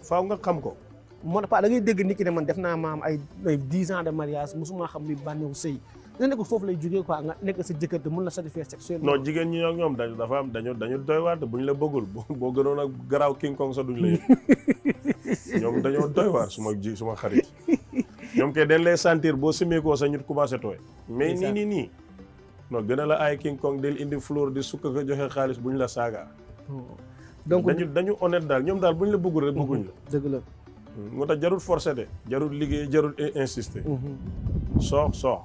faaw nga xam ko moo tax da ngay dégg nit ki ne man def naa maam ay ay dix ans de mariage musuma xam li bànneewu sëy ne nekk foofu lay jógee quoi nga nekk sa jëkkër te mun la satisfaire sexuellement. non jigéen ñi ñoo ñoom dañu dafa am dañu dañu doy waar buñ la bëggul boo gënoon ak garaaw king kong sa duñ la yëg ñoom dañoo doy waar suma ji suma xarit ñoom kay dañ lay sentir boo simeekoo sa ñu commencé tooy. mais nii nii nii non gën la ay king kong del indi floor di sukk ko joxe xaalis buñ la saaga. Oh. donc dañu dañu honnête daal ñoom daal buñ la bëggul rek bëgguñ la. Mm-hmm. dëgg la. moo jarul forcé de jarul liggéey jarul insister. Mm-hmm. soox soox.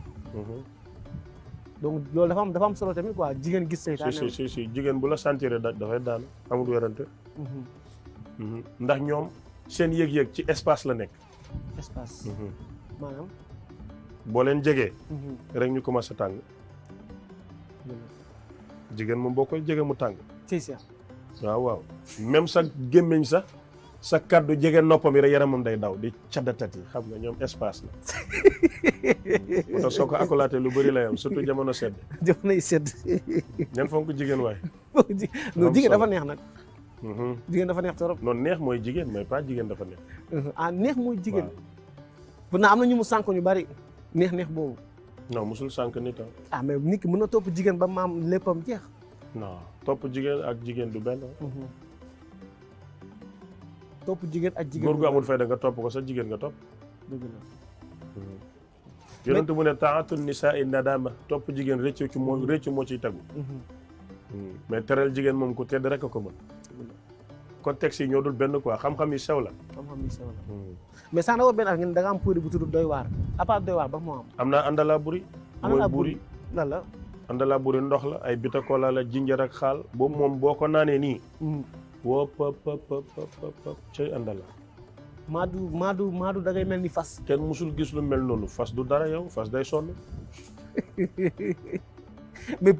Mm-hmm. donc loolu dafa am dafa am solo tamit quoi jigéen gis seytaane si si si jigéen bu la sentir da dafay daan amul werante mm-hmm. Mm-hmm. ndax ñoom seen yëg-yëg ci espace la nekk espace maanaam boo leen jegee rek ñu commencé tàng jigéen moom boo koy jege mu tàng waaw waaw même sa gémmiñ sax sa kaddu jege noppam yi rek yaramam day daw di caddatat yi xam nga ñoom espace la. moo tax soo ko akulaatee lu bëri la yam surtout jamono sedd. jamono yi sedd. ñan fonk jigéen waay. non jigéen dafa neex nag. Mhm. jigéen dafa neex torop. non neex mooy jigéen mais pas jigéen dafa neex. Mhm. ah neex mooy jigéen. pour na am na ñu mu sànq ñu bari neex neex boobu. non musul sànq nit ah. ah mais nit ki mën na topp jigéen ba maam léppam jeex. non topp jigéen ak jigéen du benn. Mhm. top jigen ak ah, jigen góor amul fayda nga top ko sa jigen nga top deug la. Hmm. yonent mu ne taatul nisaa i nadama top jigen reccu ci mo reccu mo ci tagu mhm. hmm. mais terel jigen mom ko tedd rek ko mën. contexte yi ñodul ben quoi xam-xam yi sew la. xam-xam yi sew la. Hmm. mais sa na woo ak ngeen da nga am produit bu tuddu doy war à part doy war ba mo am. amna andala buri. andala buri la la. andala buri ndox la ay bitakola la jinjar ak xal bo mom boko nané ni mhm wop wop wop wop wop cay àndala maadu maadu da ngay fas Ken musul gis lu mel fas du dara yow fas day sonn mais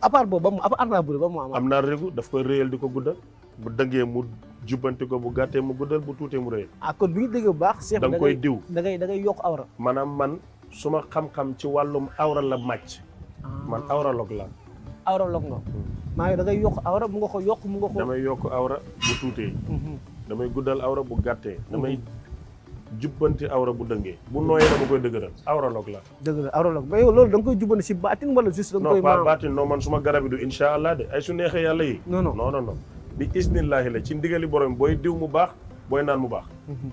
à part boobu ba am naa bëri ba am. am naa daf koy réyal di guddal bu dëggee mu jubbanti ko bu mu guddal bu mu ah, bi bu baax. da da ngay da ngay awra. man suma xam-xam ci wàllum awra la ah. man awralog la. awralog nga. Hmm. maa ngi da ngay yokk awra mu nga ko yokk mu nga ko. damay yokk awra bu tuutee. Mhm. damay guddal awra bu gàttee. Mhm. damay jubbanti awra bu dëngee. bu nooyee dama koy dëgëral awralog la. dëgëral awralog ba yow loolu da koy jubbanti si baatin wala juste. da nga koy non pas baatin man suma garab yi du incha allah de ay su neexee yàlla yi. non non non non bi isnillahi la ci ndigali borom booy diw mu baax booy naan mu baax. Mhm.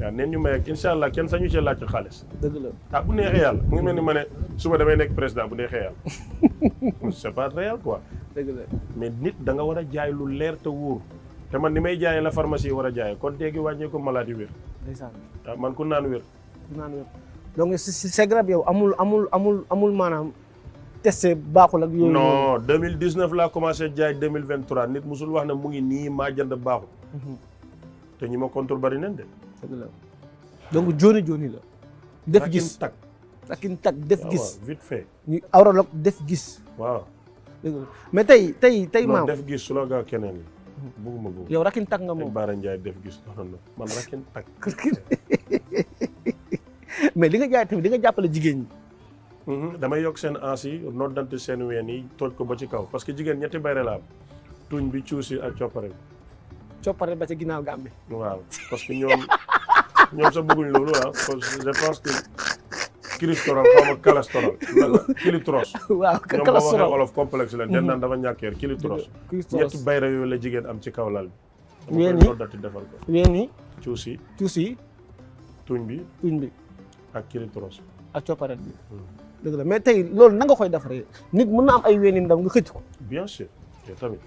waaw neen ñu may ak incha allah kenn sañu ci laaj xaalis. dëgg la ah bu neexee yàlla mu ngi mel ni ma ne suba damay nekk président bu neexee yàlla c'est pas réel quoi. dëgg la mais nit da nga war a jaay lu leer te wóor te man ni may jaayee la pharmacie war a jaayee kon léegi wàññeeku maladie wér. ndeysaan ah man ku naan wér. ku naan wér donc si si garab yow amul amul amul amul maanaam testé baaxul ak. yooyu non 2019 laa commencé jaay 2023 nit musul wax ne mu ngi nii maa jënd baaxul. Mhm. te ñi ma contrôle bari nañ de. dëgg la donc jooni jooni la. def gis takk takkin takk def gis. vite def gis. waaw. dëgg la tey tey tey maam def gis su la gaa keneen. bëgguma bëgg yow rakkin takk nga moom Baara Ndiaye def gis noonu la man rakkin takk. mais li nga jaay tamit li jàppale jigéen ñi. Mhm. damay yokk seen ans yi noddante seen ween yi tooj ko ba ci kaw parce que jigéen ñetti bayre la am tuñ bi cuusi ak coppare bi coppare ba ca ginnaaw Gambie. waaw parce que ñoom ñoom sax bëgguñ loolu ah parce que je pense que. kilistorol xaw ma kalestorol. kilitros. waaw ñoom boo waxee olof complexe la. den naan mhm. dafa ñàkkeer kilitros. kilitros ñetti bayra yooyu la jigéen am ci kaw lal bi. ween yi dama defal ko. ween yi. cuus yi. cuus yi. tuñ bi. tuñ bi. ak kilitros. ak coppareet bi. Mhm. dëgg mais tey loolu na nga koy defaree nit mën na am ay ween yi ndaw nga xëcc ko. bien sûr te tamit.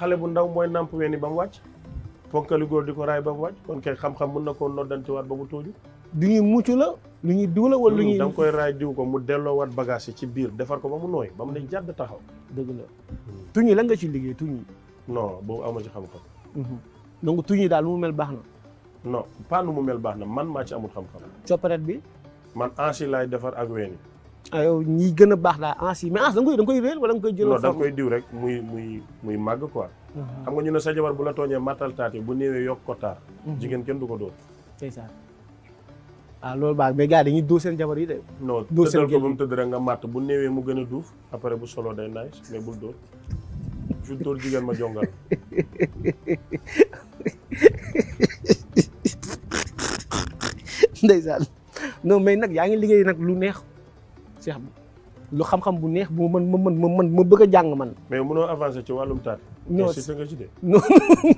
xale bu ndaw mooy ween yi ba mu wàcc ponkalu goor di ko raay ba mu wàcc kon kay xam-xam mun na koo waat ba mu tooju di ñuy mucc la lu ñuy diw la wala lu hmm, ñuy da nga koy raay diw ko mu delloowaat bagage yi ci biir defar ko ba mu nooy ba mu ne jàdd taxaw dëgg la hmm. tuñi la nga ci liggéey tuñi non boobu amu ci xam-xam mhm. donc tuñi daal nu mu mel baax na non pas nu mu mel baax na man maa ci amul xam-xam copperet bi man ansi laay defar ak weeni yow euh, ñi gën a baax daal ans yi mais ans da koy da koy réel wala koy jëloo non da nga diw rek muy muy muy màgg quoi mhm. xam nga ñu ne sa jabar bu la tooñee mattal taat bu néewee yokk ko taar mhm. jigéen kenn du ko dóor ndeysaan ah, loolu baax mais di ñu dóor seen jabar yi de non tëddal ko ba rek nga matt bu néewee mu gën a duuf après bu solo day naaj mais ma jongal mais nag yaa ngi liggéey nag lu neex Cheikh lu xam-xam bu neex bu man ma mën ma man ma bëgg a jàng man. mais mënoo avancé ci wàllum taat. non si nga ci de. non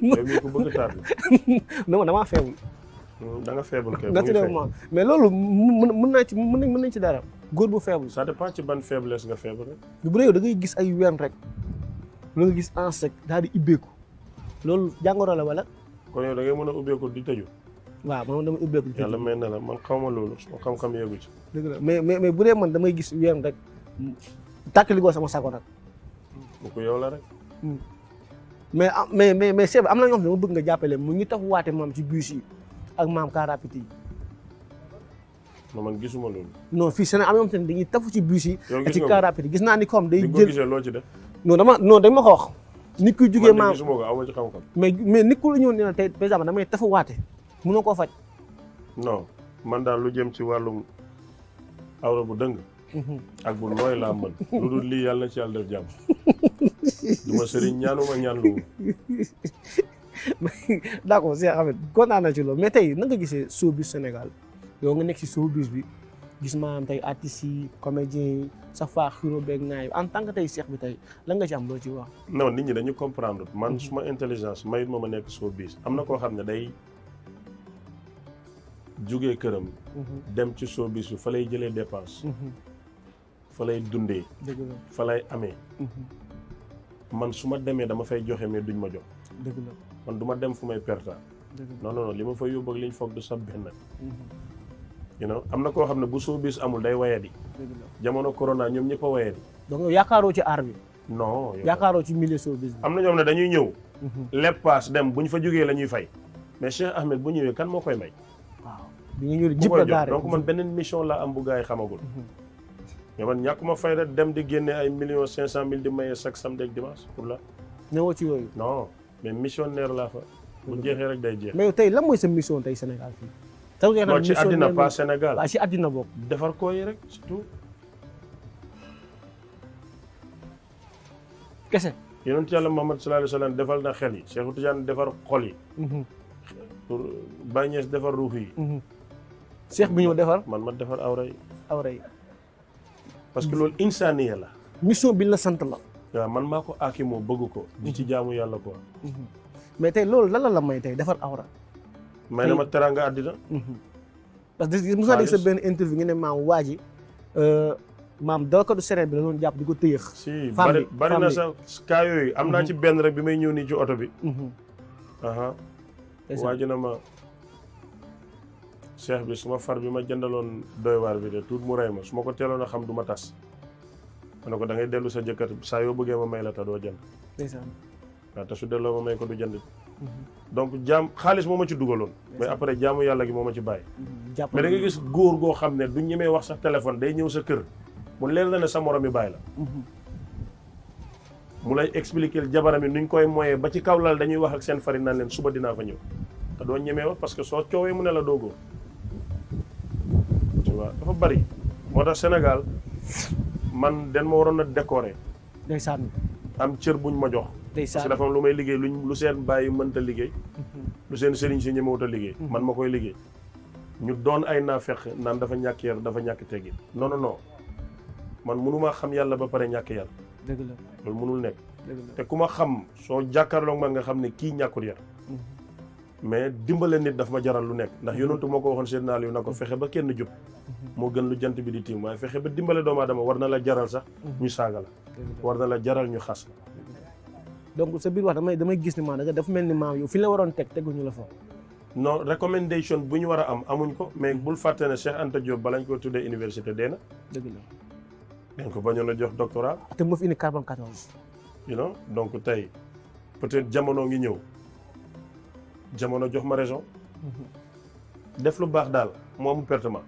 yow ko bëgg a taat la. non damaa faible. Hmm, mais loolu mën naa ci mën nañ ci dara. góor bu faible. ça dépend ci ban faiblesse nga faible rek. bu dee yow da ngay gis ay ween rek. lu nga gis insecte daal di ubbeeku. loolu jàngoro la wala. kon yow da ngay mën a ubbeeku di tëju. waaw man damay ubbeeku ci na la man xaw ma loolu man xam-xam yeegu ci dëgg mais mais mais bu dee man damay gis weer rek tàkk sama sago nag bu ko la rek hmm. ah, mais mais mais mais Cheikh am na ñoo xam ma bëgg nga jàppale mu ngi tax waate maam ci bus yi ak maam car rapide yi non man gisuma loolu non fii Sénégal am na ñoo xam ne dañuy tafu ci bus yi ak ci car rapide gis naa ni comme day jël loo ci def non ma ko wax nit kuy jugee maam gisuma ko aw ma ci xam-xam ne na tey par exemple damay tafu waate mënoo koo faj. no man daal lu jëm ci wàllum awra bu dëng. Mhm. ak bu nooy laa mën lu dul lii yàlla na ci yàlla def jàmm du ma sëriñ ñaanuma ñaan lu d' accord Cheikh Ahmed kontaan na ci loolu mais tey na nga gisee showbiz Sénégal yow nga nekk si showbiz bi gis maanaam tey artistes yi comédiens yi sa faa xiro beg naay en tant que tey Cheikh bi tey lan nga ci am loo ci wax. non nit ñi dañu comprendre man suma intelligence mayut ma ma nekk showbiz am na koo xam ne day. jugee kërëm mhm. dem ci showbiz fa lay jëlee dépense. Mhm. fa lay dundee. fa lay amee. Mhm. man su ma demee dama fay joxe mais duñ ma jox. man du ma dem fu may perta non non non li ma fa yóbbu ak li ñu foog du sa benn. you know am na koo xam ne bu showbiz amul day di jamono corona ñoom ñëpp a wayadi. donc yaakaaroo ci arbi non yaakaaroo ci milieu showbiz bi. am na ñoom ne dañuy ñëw. lepp dem bu ñu fa jógee la ñuy fay. mais Cheikh Ahmed bu ñëwee kan moo koy may. bi nga ñëw jib la mission laa am bu gars yi xamagul mhm. mais man ñàkkuma fayda dem di génne ay millions cinq cent mille di maye chaque samedi ak dimanche pour la newoo ci yooyu non mais missionnaire laa fa bu mhm. jeexee rek day jeex mais tey lan mooy sa mission tey Sénégal fii taw ngeen nag ci àddina pas Sénégal waaw ah, ci àddina bokk defar koo yi rek surtout kese yonent yàlla Muhammad sallallahu alayhi wa sallam defal na xel yi Cheikh Tidiane defar xol yi mhm. pour bàññees defar ruux yi seex bi ñoo defar man man defar awra yi parce que loolu insaaniya la mission bi la sant la waaw man maa ko aaki moo bëgg ko di ci jaamu yàlla quoi mhm. mais tey loolu lan la la may tey defar awra may na ma teraanga àddina mhm. parce que mos naa dégg sa benn interview nga ne maam waa ji euh, maam dawalkatu sereet bi la doon jàpp di ko tëyëx si bari bari na sax cas yooyu am naa mhm. ci benn rek bi may ñëw nii ci oto bi waa na ma cheikh bi suma far bi ma jëndaloon doy waar bi de tout mu ray ma su ma ko teeloon a xam du ma tas ma ne ko da ngay dellu sa jëkkër saa yoo bëggee ma may la ta doo jënd waaw te su delloo ma may ko du jënd mhm. donc jaam xaalis moo ma ci dugaloon mais après jaamu yàlla gi moo ma ci bàyyi mhm. mais da nga gis góor goo xam ne du ñemee wax sa téléphone day ñëw sa kër mu leer la ne sa morom yi bàyyi la mhm. mu lay expliquer jabaram yi nuñ koy moyee ba ci kaw lal dañuy wax ak seen fari naan leen suba dinaa fa ñëw te doo ñemee wax parce que soo coowee mu ne la doogoo waaw dafa bari moo tax Sénégal man den ma waroon a décorer. ndeysaan am cër buñ ma jox. ndeysaan parce dafa am lu may liggéey luñ lu seen bàyyi mënta liggéey. Mhm. lu seen sëriñ si ñemewut a liggéey. Mhm. man ma koy liggéey. ñu doon ay naa naafeq naan dafa ñàkk yar dafa ñàkk teggin non non man mënuma xam yàlla ba pare ñàkk yar. dëgg la loolu mënul nekk. te ku ma xam soo jàkkaarloog ma nga xam ne kii ñàkkul yar. Mhm. mais dimbale nit daf ma jaral lu nekk ndax yonentu moo ko waxoon Seydina Aliou na ko fexe ba kenn jub moo gën lu jant bi di tiim waaye fexe ba dimbale doomu aadama war na la jaral sax ñu saaga la war na la jaral ñu xas la donc sa biir wax damay damay gis ni maa da nga dafa mel ni maam yow fi la waroon teg teguñu la fa non recommandation bu ñu war a am amuñ ko mais bul fàtte ne Cheikh Anta Diop balañ ko tuddee université dee na dëgg dañ ko bañoon a jox doctorat te mu fi indi carbone 14 you know donc tey peut-être jamono ngi ñëw jamono jox ma raison. Mhm. def lu baax daal moo am pertement.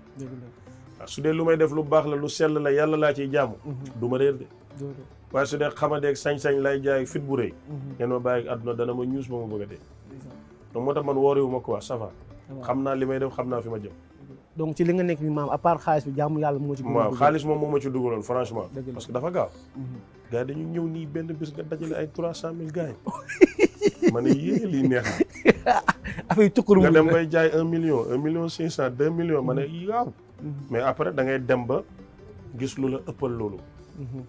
waaw su dee lu may def lu baax la lu sell la yàlla laa ciy jaamu. Mhm. du ma réer de. waaye su dee xamadeeg sañ-sañ lay jaay fit bu rëy. Mhm. ngeen ma bàyyi àdduna dana ma ñuus ba ma bëgg a dee. donc moo tax man wooree wu ma quoi ça va. xam naa li may def xam naa fi ma jëm. donc ci li nga nekk nii maam à part xaalis bi jaamu yàlla moo ci. waaw xaalis moom moo ma ci dugaloon franchement. parce que dafa gaaw. gars dañu ñëw nii benn bés nga dajale ay trois cent ma ne yéen lii neex na. affaire yu tukkur nga dem bay jaay un million un million cinq cent deux millions ma ne hmm. yaaw. Hmm. mais après da ngay dem ba gis lu la ëppal loolu. Hmm.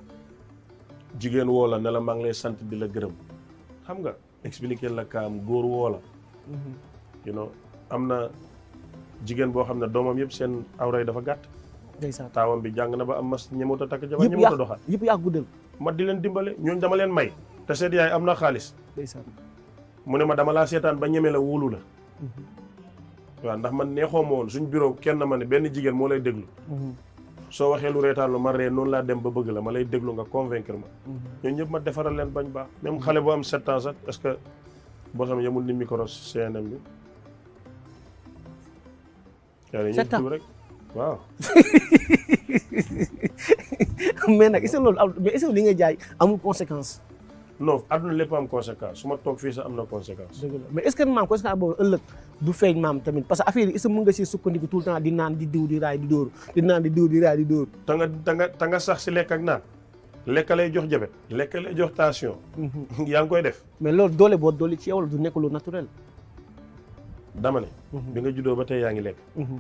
jigéen woo la ne la maa ngi lay sant di la gërëm xam nga expliquer la kaam góor woo la. you know am na jigéen boo xam ne doomam yëpp seen awra dafa gàtt. taawam bi jàng na ba am mas ñemewut ta takk jabar ya. ñemewut ta doxal yëpp yaa guddal ma di leen dimbale ñooñ dama leen may te seen yaay am na xaalis. ndeysaan mu ne ma dama laa seetaan ba ñeme la wóolu la mhm. waaw ndax man neexoo ma woon suñ bureau kenn ma ne benn jigéen moo lay déglu mhm. soo waxee lu reetaan lu ma ree noonu laa dem ba bëgg la ma lay déglu nga convaincre ma mhm. ñooñu ñëpp ma defaral leen bañ baax même xale boo am sept ans sax est que bosam yemul ni micro CNM bi yaa ñëpp tuub rek waaw mais nag loolu li nga jaay amul conséquence non àdduna lépp am conséquence su ma toog fii sax am na conséquence. dëgg la mais est ce que maam conséquence boobu ëllëg du feeñ maam tamit parce que affaire yi est ce que mën nga si sukkandiku tout le di naan di diw di raay di dóor di naan di diw di raay di dóor. ta nga ta nga sax si lekk ak naan lekk lay jox jabet lekk lay jox tension. Mhm. yaa ngi koy def. mais loolu doole boo doole ci yow la du nekk lu naturel. dama ne. Mhm. bi nga juddoo ba tey yaa ngi lekk. Mhm.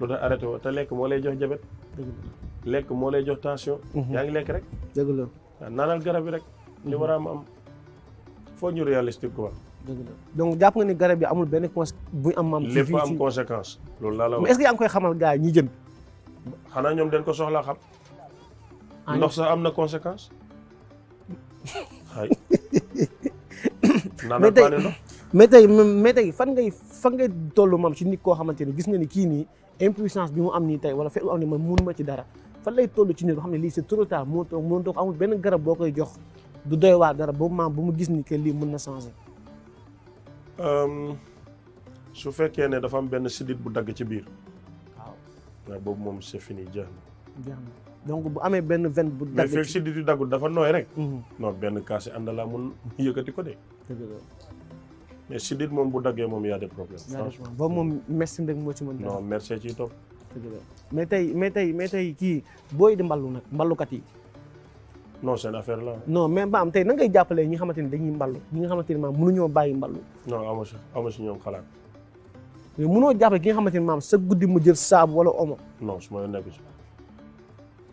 lu tax arrêté woo te lekk moo lay jox jabet. lekk moo lay jox tension. yaa ngi lekk rek. dëgg la naanal garab yi rek. li war a am am foo ñu réalistique quoi. donc jàpp nga ni garab yi amul benn cons bu am. am lépp am conséquence. loolu laa la ce que ngi koy xamal gars yi ñuy xanaa ñoom dañ ko soxlaa xam. Ah, ndox sax am na conséquence. ay naanal paane ndox mais tey mais tey fan ngay fan ngay toll maam ci nit koo xamante gis nga ni kii nii impuissance bi mu am nii tey wala fekk am ni man mënuma ci dara fan lay toll ci nit koo xam ne lii c'est trop tard moo toog moo toog amul benn garab boo koy jox du doy waar dara boobu maam bu mu gis ni que lii mun na changer. Euh, su fekkee ne dafa am benn sidit bu dagg ci biir. waaw waaw boobu moom c'est fini jeex na. jeex bu amee benn veine bu. dagg ci mais dafa nooy rek. Mhm. non benn kaasi ànd laa mun yëkkati ko de. mais sidit moom bu daggee moom y a des problèmes. franchement boobu moom merci rek moo ci mën. non merci ciy topp. mais tey mais tey mais tey kii booy di mballu nag mballukat yi. non seen affaire la. non mais Mbam tey nan ngay jàppalee ñi nga xamante ne dañuy mballu ñi nga xamante ne maam mënuñoo bàyyi mballu. non amu si amu si ñoom xalaat. mais mënoo xamante ne maam sa guddi mu jël saabu wala omo. non su ma nekk si.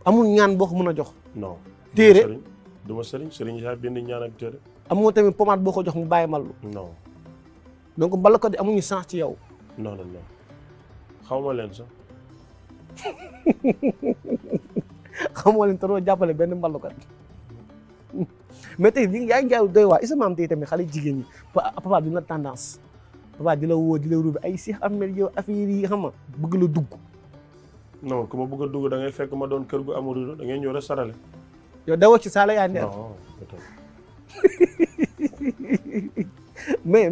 amul ñaan boo ko mën a jox. no téere du ma sëriñ sëriñ saa bind ñaan ak téere. amoo tamit pommade boo ko jox mu bàyyi mballu. non. donc mballu ko di amuñu chance ci yow. no non non xaw ma leen sax. xamoo leen te jàppale benn mballukat. mais tey li yaa ngi jaay doy waa xale jigéen ñi dina tendance papa di woo di ay Cheikh Ahmed yow affaire yi xam nga bëgg la ku ma bëgg dugg da ma doon kër gu amul rido ñëw rek sarale. yow dawoo ci saala yaa neex. mais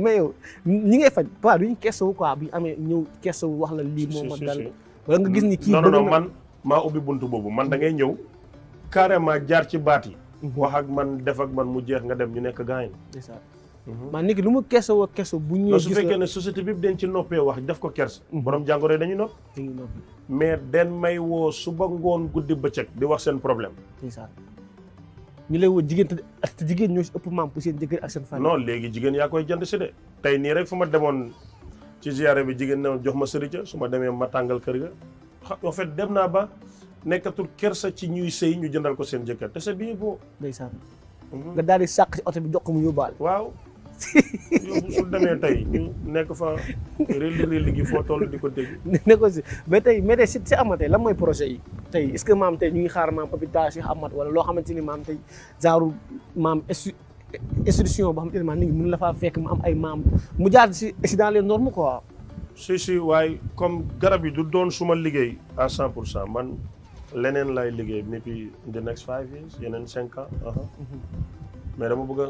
ñi ngay faj papa duñu keesawu quoi bu ñu amee ñëw keesawu wax la lii moom ma dal wala nga gis ni kii non non man maa ubbi buntu boobu man da ngay ñëw carrément jaar ci baat yi. wax ak man def ak man mu jeex nga dem ñu nekk gaañ. Mhm. man nit ki lu mu kese woo kese bu ñu. su fekkee ne société bi dañ ci noppee wax def ko kers mhm. boroom jàngoro yi dañuy nopp. mais den may woo su ba ngoon guddi bëccëg di wax seen problème. ñu lay woo jigéen te jigéen ñoo si ëpp maam pour seen jëkkër ak seen famille. non léegi jigéen yaa koy jënd si de. tey nii rek fu ma demoon ci ziare bi jigéen na jox ma sëriñ ca su ma demee ma tàngal kër ga. en fait dem naa ba nekkatul kersa ci ñuy sëy ñu jëndal ko seen jëkkër te c'est bien beau. ndeysaan mhm. nga daal di sàq ci oto bi jox ko mu yóbbaale. waaw yow su demee tey ñu nekk fa relli relli gi foo toll di ko dégg. ne ko si mais tey mais tey si mooy projet yi tey est ce que maam tey ñu ngi xaar maam Papita Cheikh Amath wala loo xamante ni maam tey genre maam institution boo xamante ni maam nit ñi mën la faa fekk mu am ay maam mu jaar si si dans les normes quoi. si si waaye comme garab yi du doon suma liggéey à 100 pour cent man. leneen lay liggéey depuis the next five years yeneen cinq ans. Uh-huh. mais dama bëgg a.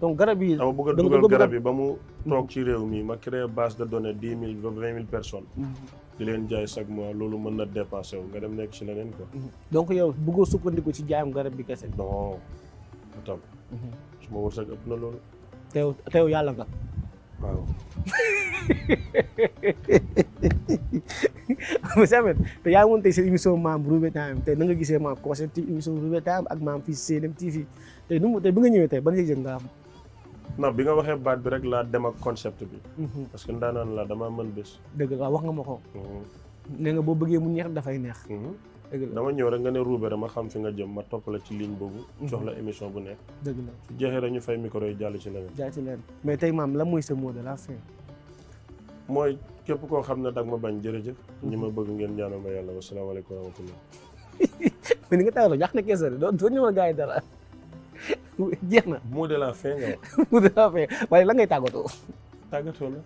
donc garab yi dama bëgg dugal garab yi ba mu mm-hmm. toog ci réew mi ma créé base de données dix mille ba vingt mille personnes. Mm-hmm. di leen jaay chaque mois loolu mën na dépassé wu nga dem nekk ci leneen quoi. Mm-hmm. donc yow bëggoo sukkandiku ci jaayam garab bi kese. non atam. su ma wërsëg ëpp na loolu. teew teew yàlla nga. waaw. monsieur Ameth te yaa ngi woon tey seen émission maam Roubé Time tey na nga gisee maam concept émission Roubé Time ak maam fii CNM TV tey nu mu tey bi nga ñëwee te ba yëg-yëg nga am. non bi nga waxee baat bi rek laa dem ak concept bi. Mhm. parce que ndaanaan laa damaa man bés. dëgg la wax nga ma ko. Mhm. nee nga boo bëggee mu neex dafay neex. Mhm. dama ñëw rek nga ne ruube ma xam fi nga jëm ma topp la ci ligne boobu. Mhm. jox la émission bu nekk. dëgg la su jeexee rek ñu fay micro yi jàll ci leneen. jàll ci leneen mais tey maam la mooy sa mot fin. mooy képp koo xam ne dag ma bañ jërëjëf. Mhm. ñi ma bëgg ngeen ñaanal ma yàlla wasalaamaaleykum wa rahmatulah. mais ni nga tawaloo ñax na kees rek doo doo ñëwal gars yi na. mot de la fin waaye la ngay tàggatoo. tàggatoo la.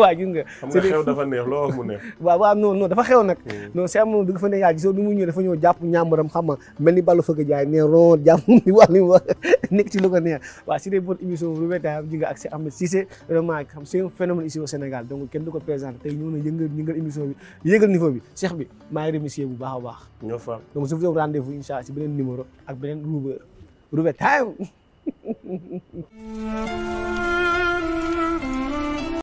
waa gis nga. xam nga xew dafa xew nag. Hmm. non Cheikh Mamadou du dafa ne yaa gisoo du mu dafa ñëw jàpp ñàmbaram xam nga mel ni ballu fëgg jaay ne ron jàpp ni nekk ci lu neex waaw si des bonne émission bi yëgal niveau a si beneen numéro ak beneen Roube Time